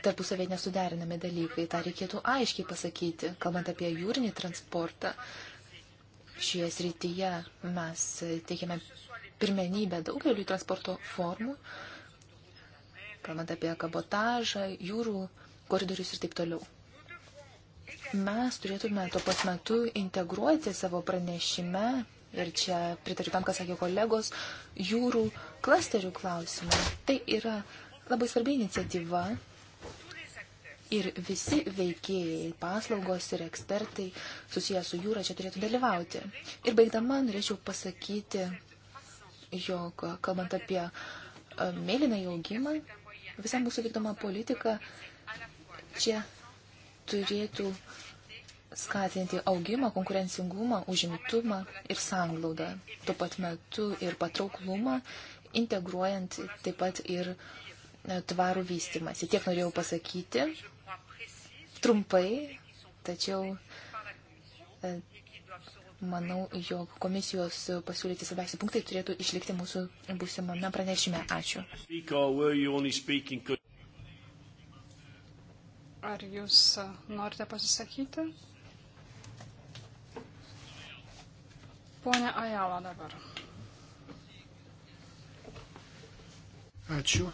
tarpusavė nesuderinami dalykai. Ta reikėtų aiškiai pasakyti, kalbant apie jūrinį transportą. Šioje srityje mes teikiame pirmenybę daugeliu transporto formų, kalbant apie kabotažą, jūrų koridorius ir taip toliau. Mes turėtume tuo pat metu integruoti savo pranešime ir čia pritariu tam, ką sakė kolegos, jūrų klasterių klausimą. Tai yra labai svarbi iniciatyva, ir visi veikėjai, paslaugos ir ekspertai susijęs su jūra čia turėtų dalyvauti. Ir baigdama norėčiau pasakyti, jog kalbant apie e, mėlyną jaugimą, visą mūsų vykdomą politiką čia turėtų skatinti augimą, konkurencingumą, užimtumą ir sanglaudą. Tuo pat metu ir patrauklumą, integruojant taip pat ir e, tvarų vystimąsi. Tiek norėjau pasakyti trumpai, tačiau e, manau, jog komisijos pasiūlyti svarbiausi punktai turėtų išlikti mūsų būsimame pranešime. Ačiū. Ar jūs norite pasisakyti? Pone Ajala dabar. Ačiū.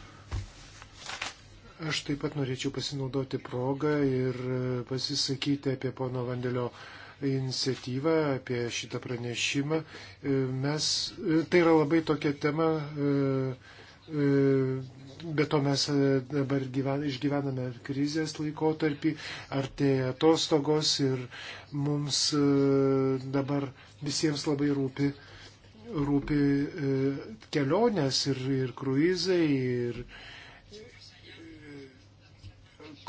Aš taip pat norėčiau pasinaudoti progą ir e, pasisakyti apie pono Vandelio iniciatyvą, apie šitą pranešimą. E, mes, e, tai yra labai tokia tema, be to mes dabar gyven, išgyvename krizės laikotarpį, artėja atostogos ir mums dabar visiems labai rūpi rūpi kelionės ir, ir kruizai, ir,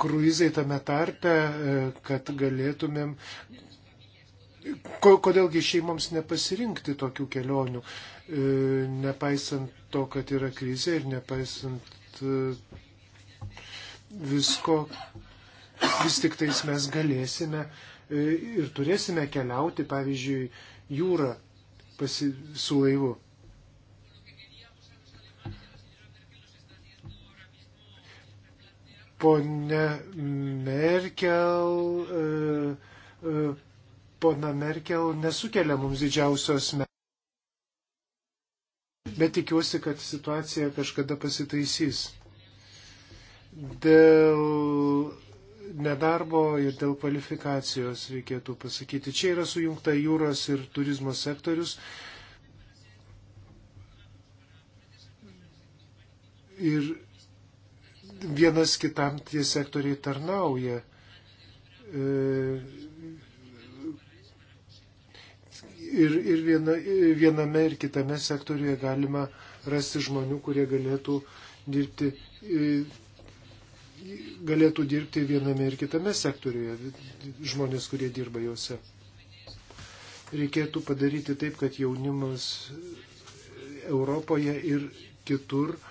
kruizai tame tarpe, e, kad galėtumėm. Kodėlgi šeimoms nepasirinkti tokių kelionių, e, nepaisant to, kad yra krizė ir nepaisant e, visko, vis tik tais mes galėsime ir turėsime keliauti, pavyzdžiui, jūrą pasi, su laivu. Pone Merkel, e, e, pona Merkel nesukelia mums didžiausios metų. Bet tikiuosi, kad situacija kažkada pasitaisys. Dėl nedarbo ir dėl kvalifikacijos reikėtų pasakyti. Čia yra sujungta jūros ir turizmo sektorius. Ir vienas kitam tie sektoriai tarnauja. E, ir, ir viena, viename ir kitame sektoriuje galima rasti žmonių, kurie galėtų dirbti, e, galėtų dirbti viename ir kitame sektoriuje, žmonės, kurie dirba juose. Reikėtų padaryti taip, kad jaunimas Europoje ir kitur uh,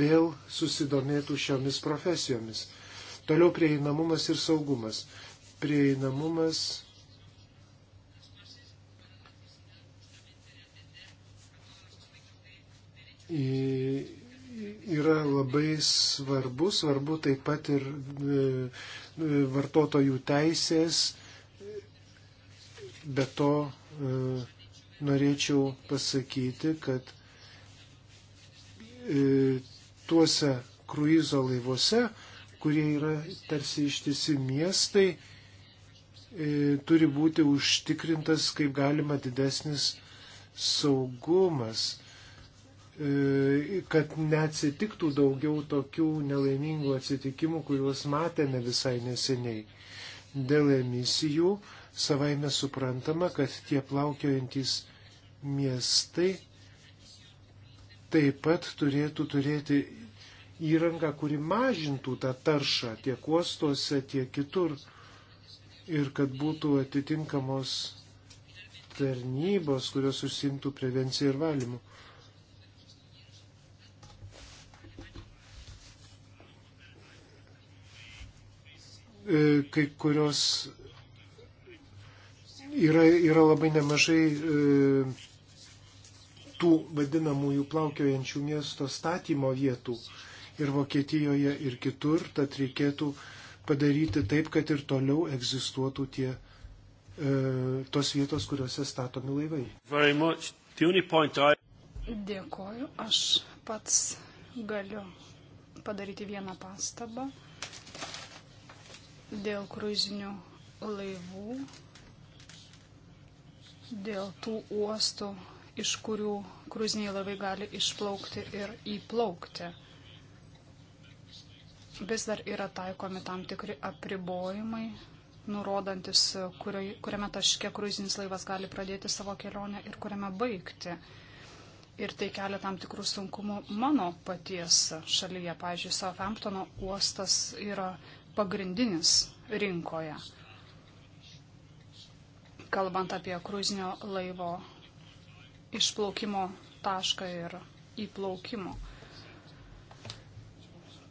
vėl susidomėtų šiomis profesijomis. Toliau prieinamumas ir saugumas. Prieinamumas. Yra labai svarbu, svarbu taip pat ir e, e, vartotojų teisės, be to e, norėčiau pasakyti, kad E, tuose kruizo laivuose, kurie yra tarsi ištisi miestai, e, turi būti užtikrintas kaip galima didesnis saugumas, e, kad neatsitiktų daugiau tokių nelaimingų atsitikimų, kuriuos matėme visai neseniai. Dėl emisijų savaime suprantama, kad tie plaukiojantys miestai taip pat turėtų turėti įrangą, kuri mažintų tą taršą tiek uostuose, tiek kitur ir kad būtų atitinkamos tarnybos, kurios užsimtų prevenciją ir valymu. E, kai kurios yra, yra labai nemažai e, tų vadinamųjų plaukiojančių miesto statymo vietų ir Vokietijoje, ir kitur, tad reikėtų padaryti taip, kad ir toliau egzistuotų tie, e, tos vietos, kuriuose statomi laivai. Dėkoju, aš pats galiu padaryti vieną pastabą dėl kruizinių laivų, dėl tų uostų, iš kurių kruziniai laivai gali išplaukti ir įplaukti. Vis dar yra taikomi tam tikri apribojimai, nurodantis, kurioj, kuriame taške kruzinis laivas gali pradėti savo kelionę ir kuriame baigti. Ir tai kelia tam tikrų sunkumų mano paties šalyje. Pavyzdžiui, Southamptono uostas yra pagrindinis rinkoje. Kalbant apie kruzinio laivo išplaukimo tašką ir įplaukimo.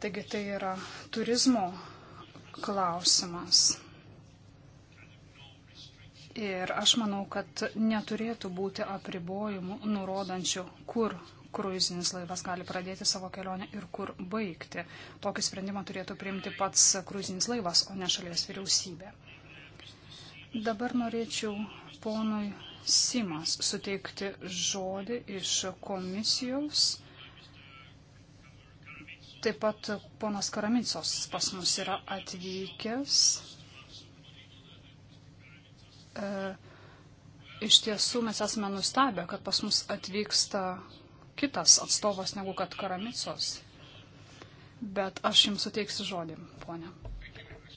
Taigi tai yra turizmo klausimas. Ir aš manau, kad neturėtų būti apribojimų nurodančių, kur kruizinis laivas gali pradėti savo kelionę ir kur baigti. Tokį sprendimą turėtų priimti pats kruizinis laivas, o ne šalies vyriausybė. Dabar norėčiau ponui Simas suteikti žodį iš komisijos. Taip pat ponas Karamicos pas mus yra atvykęs. E, iš tiesų mes esame nustebę, kad pas mus atvyksta kitas atstovas negu kad Karamicos. Bet aš jums suteiksiu žodį, ponė.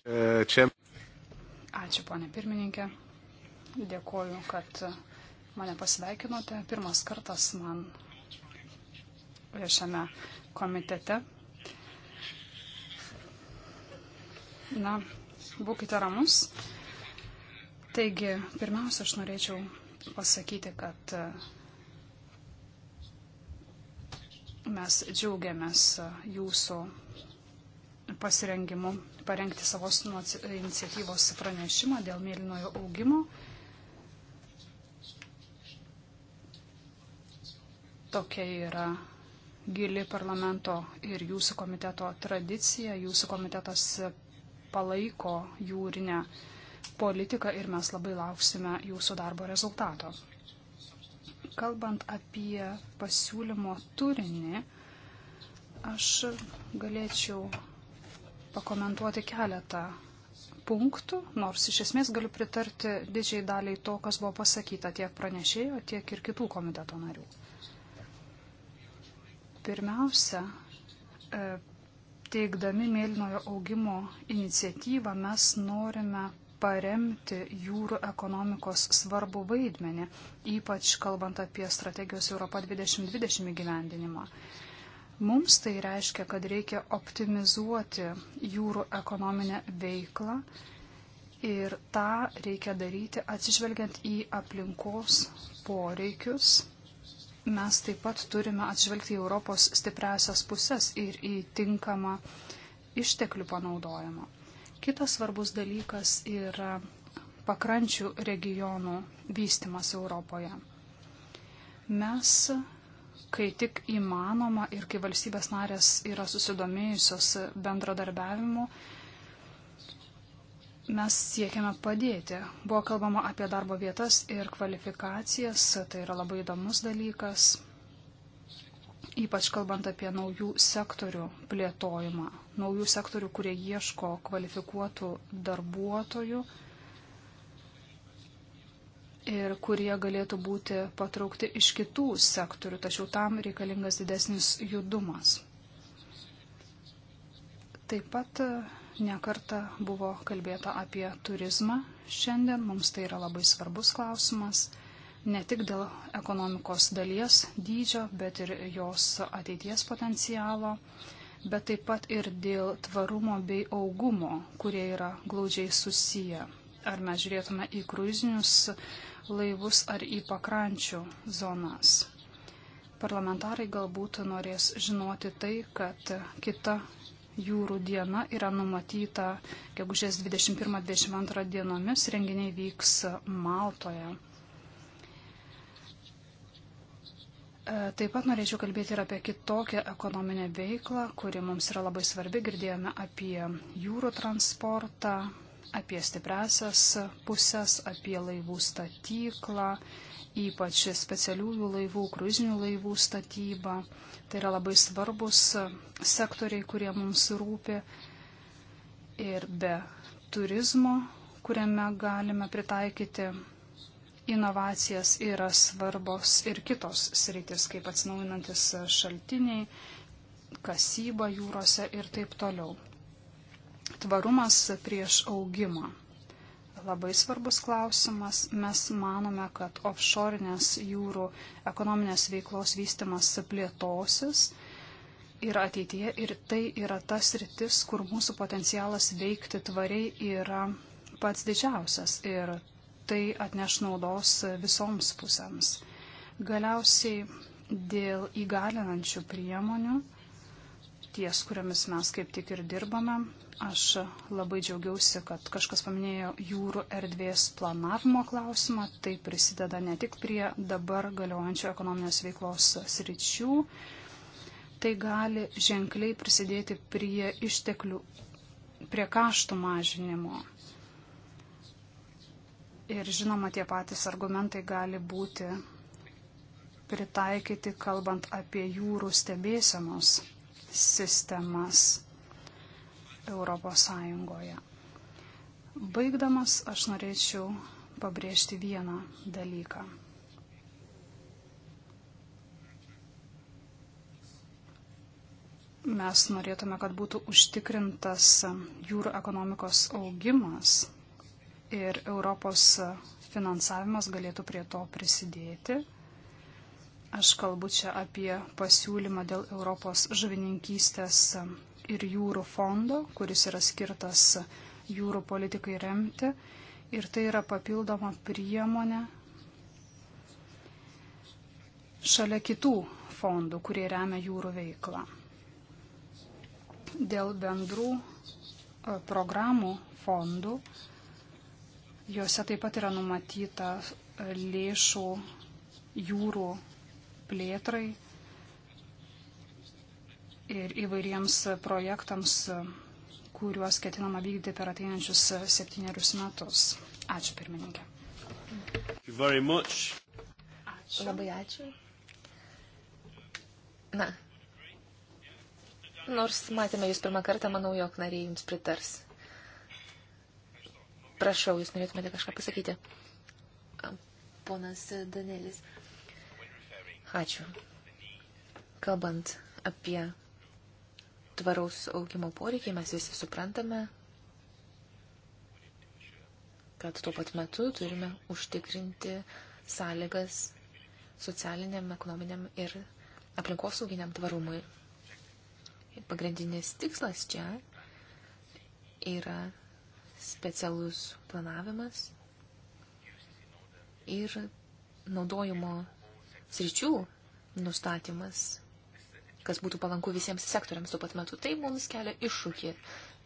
E, čia. Ačiū, ponė pirmininkė. Dėkoju, kad mane pasveikinote. Pirmas kartas man šiame komitete. Na, būkite ramus. Taigi, pirmiausia, aš norėčiau pasakyti, kad e, mes džiaugiamės e, jūsų pasirengimu parengti savo iniciatyvos pranešimą dėl mėlynojo augimo Tokia yra gili parlamento ir jūsų komiteto tradicija. Jūsų komitetas palaiko jūrinę politiką ir mes labai lauksime jūsų darbo rezultato. Kalbant apie pasiūlymo turinį, aš galėčiau pakomentuoti keletą punktų, nors iš esmės galiu pritarti didžiai daliai to, kas buvo pasakyta tiek pranešėjo, tiek ir kitų komiteto narių. Pirmiausia, e, teikdami mėlynojo augimo iniciatyvą mes norime paremti jūrų ekonomikos svarbų vaidmenį, ypač kalbant apie strategijos Europa 2020 įgyvendinimą. Mums tai reiškia, kad reikia optimizuoti jūrų ekonominę veiklą ir tą reikia daryti atsižvelgiant į aplinkos poreikius mes taip pat turime atžvelgti į Europos stipresias puses ir į tinkamą išteklių panaudojimą. Kitas svarbus dalykas yra pakrančių regionų vystimas Europoje. Mes, kai tik įmanoma ir kai valstybės narės yra susidomėjusios bendradarbiavimu, mes siekiame padėti. Buvo kalbama apie darbo vietas ir kvalifikacijas, tai yra labai įdomus dalykas, ypač kalbant apie naujų sektorių plėtojimą, naujų sektorių, kurie ieško kvalifikuotų darbuotojų ir kurie galėtų būti patraukti iš kitų sektorių, tačiau tam reikalingas didesnis judumas. Taip pat Nekarta buvo kalbėta apie turizmą. Šiandien mums tai yra labai svarbus klausimas, ne tik dėl ekonomikos dalies dydžio, bet ir jos ateities potencialo, bet taip pat ir dėl tvarumo bei augumo, kurie yra glaudžiai susiję. Ar mes žiūrėtume į kruizinius laivus ar į pakrančių zonas. Parlamentarai galbūt norės žinoti tai, kad kita jūrų diena yra numatyta gegužės 21-22 dienomis, renginiai vyks Maltoje. E, taip pat norėčiau kalbėti ir apie kitokią ekonominę veiklą, kuri mums yra labai svarbi. Girdėjome apie jūrų transportą, apie stipresias pusės, apie laivų statyklą, ypač specialiųjų laivų, kruizinių laivų statybą. Tai yra labai svarbus e, sektoriai, kurie mums rūpi. Ir be turizmo, kuriame galime pritaikyti inovacijas, yra svarbos ir kitos sritis, kaip atsinaujinantis šaltiniai, kasyba jūrose ir taip toliau. Tvarumas prieš augimą labai svarbus klausimas. Mes manome, kad offshore'inės jūrų ekonominės veiklos vystimas plėtosis ir ateityje. Ir tai yra tas rytis, kur mūsų potencialas veikti tvariai yra pats didžiausias. Ir tai atneš naudos visoms pusėms. Galiausiai dėl įgalinančių priemonių ties kuriomis mes kaip tik ir dirbame. Aš labai džiaugiausi, kad kažkas paminėjo jūrų erdvės planavimo klausimą. Tai prisideda ne tik prie dabar galiojančio ekonominės veiklos sričių, tai gali ženkliai prisidėti prie išteklių, prie kaštų mažinimo. Ir žinoma, tie patys argumentai gali būti pritaikyti, kalbant apie jūrų stebėsenos sistemas Europos Sąjungoje. Baigdamas aš norėčiau pabrėžti vieną dalyką. Mes norėtume, kad būtų užtikrintas jūrų ekonomikos augimas ir Europos finansavimas galėtų prie to prisidėti. Aš kalbu čia apie pasiūlymą dėl Europos žuvininkystės ir jūrų fondo, kuris yra skirtas jūrų politikai remti. Ir tai yra papildoma priemonė šalia kitų fondų, kurie remia jūrų veiklą. Dėl bendrų e, programų fondų, juose taip pat yra numatyta lėšų jūrų plėtrai ir įvairiems projektams, kuriuos ketinama vykdyti per ateinančius septynerius metus. Ačiū pirmininkė. Ačiū. Labai ačiū. Na, nors matėme jūs pirmą kartą, manau, jog nariai jums pritars. Prašau, jūs norėtumėte kažką pasakyti. Ponas Danelis. Ačiū. Kalbant apie tvaraus augimo poreikiai, mes visi suprantame, kad tuo pat metu turime užtikrinti sąlygas socialiniam, ekonominiam ir aplinkosauginiam tvarumui. Pagrindinis tikslas čia yra specialus planavimas ir naudojimo sričių nustatymas, kas būtų palanku visiems sektoriams tuo pat metu, tai mums kelia iššūkį,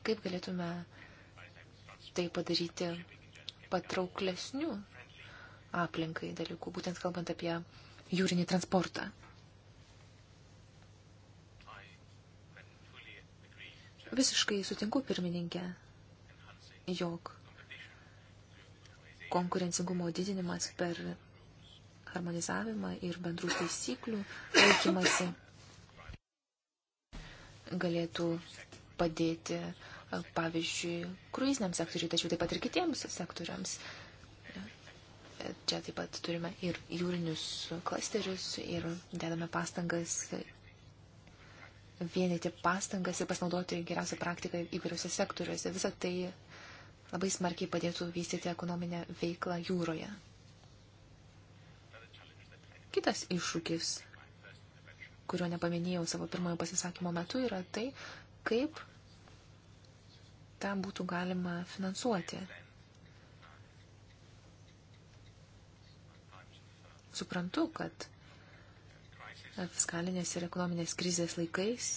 kaip galėtume tai padaryti patrauklesnių aplinkai dalykų, būtent kalbant apie jūrinį transportą. Visiškai sutinku pirmininkę, jog konkurencingumo didinimas per harmonizavimą ir bendrų taisyklių laikymasi galėtų padėti, pavyzdžiui, kruiziniam sektoriui, tačiau taip pat ir kitiems sektoriams. Čia taip pat turime ir jūrinius klasterius ir dedame pastangas vienyti pastangas ir pasinaudoti geriausią praktiką įvairiuose sektoriuose. Visą tai labai smarkiai padėtų vystyti ekonominę veiklą jūroje. Kitas iššūkis, kurio nepaminėjau savo pirmojo pasisakymo metu, yra tai, kaip tą būtų galima finansuoti. Suprantu, kad fiskalinės ir ekonominės krizės laikais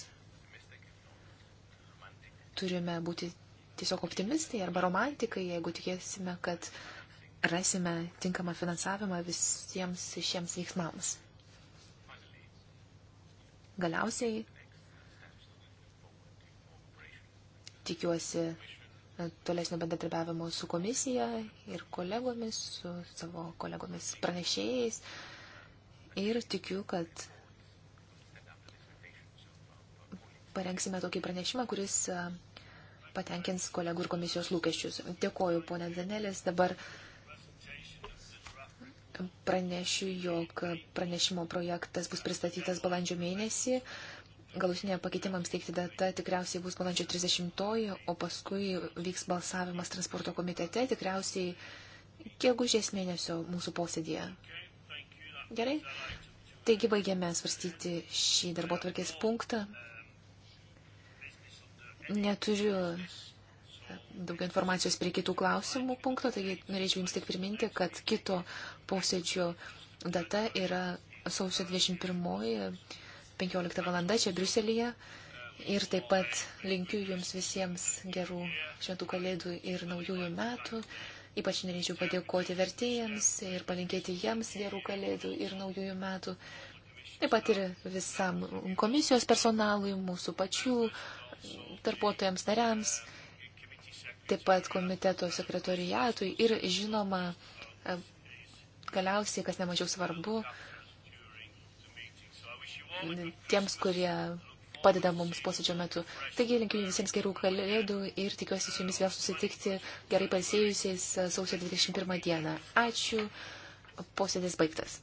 turime būti tiesiog optimistai arba romantikai, jeigu tikėsime, kad uh, rasime tinkamą finansavimą visiems šiems veiksmams. Galiausiai tikiuosi tolesnio bendradarbiavimo su komisija ir kolegomis, su savo kolegomis pranešėjais. Ir tikiu, kad parengsime tokį pranešimą, kuris patenkins kolegų ir komisijos lūkesčius. Dėkoju, ponė Danelis. Dabar uh, pranešiu, jog pranešimo projektas bus pristatytas balandžio mėnesį. Galutinė pakeitimams teikti data tikriausiai bus balandžio 30, o paskui vyks balsavimas transporto komitete tikriausiai gegužės mėnesio mūsų posėdėje. Gerai? Taigi baigėme svarstyti šį darbo tvarkės punktą. Neturiu daugiau informacijos prie kitų klausimų punkto, taigi norėčiau Jums tik priminti, kad kito posėdžio data yra sausio 21.15 val. čia Briuselėje. Ir taip pat linkiu Jums visiems gerų šventų kalėdų ir naujųjų metų. Ypač norėčiau padėkoti vertėjams ir palinkėti jiems gerų kalėdų ir naujųjų metų. Taip pat ir visam komisijos personalui, mūsų pačių darbuotojams, nariams, taip pat komiteto sekretoriatui ir žinoma galiausiai, kas nemažiau svarbu, tiems, kurie padeda mums posėdžio metu. Taigi linkiu visiems gerų kalėdų ir tikiuosi su jumis vėl susitikti gerai pasėjusiais sausio 21 dieną. Ačiū, posėdis baigtas.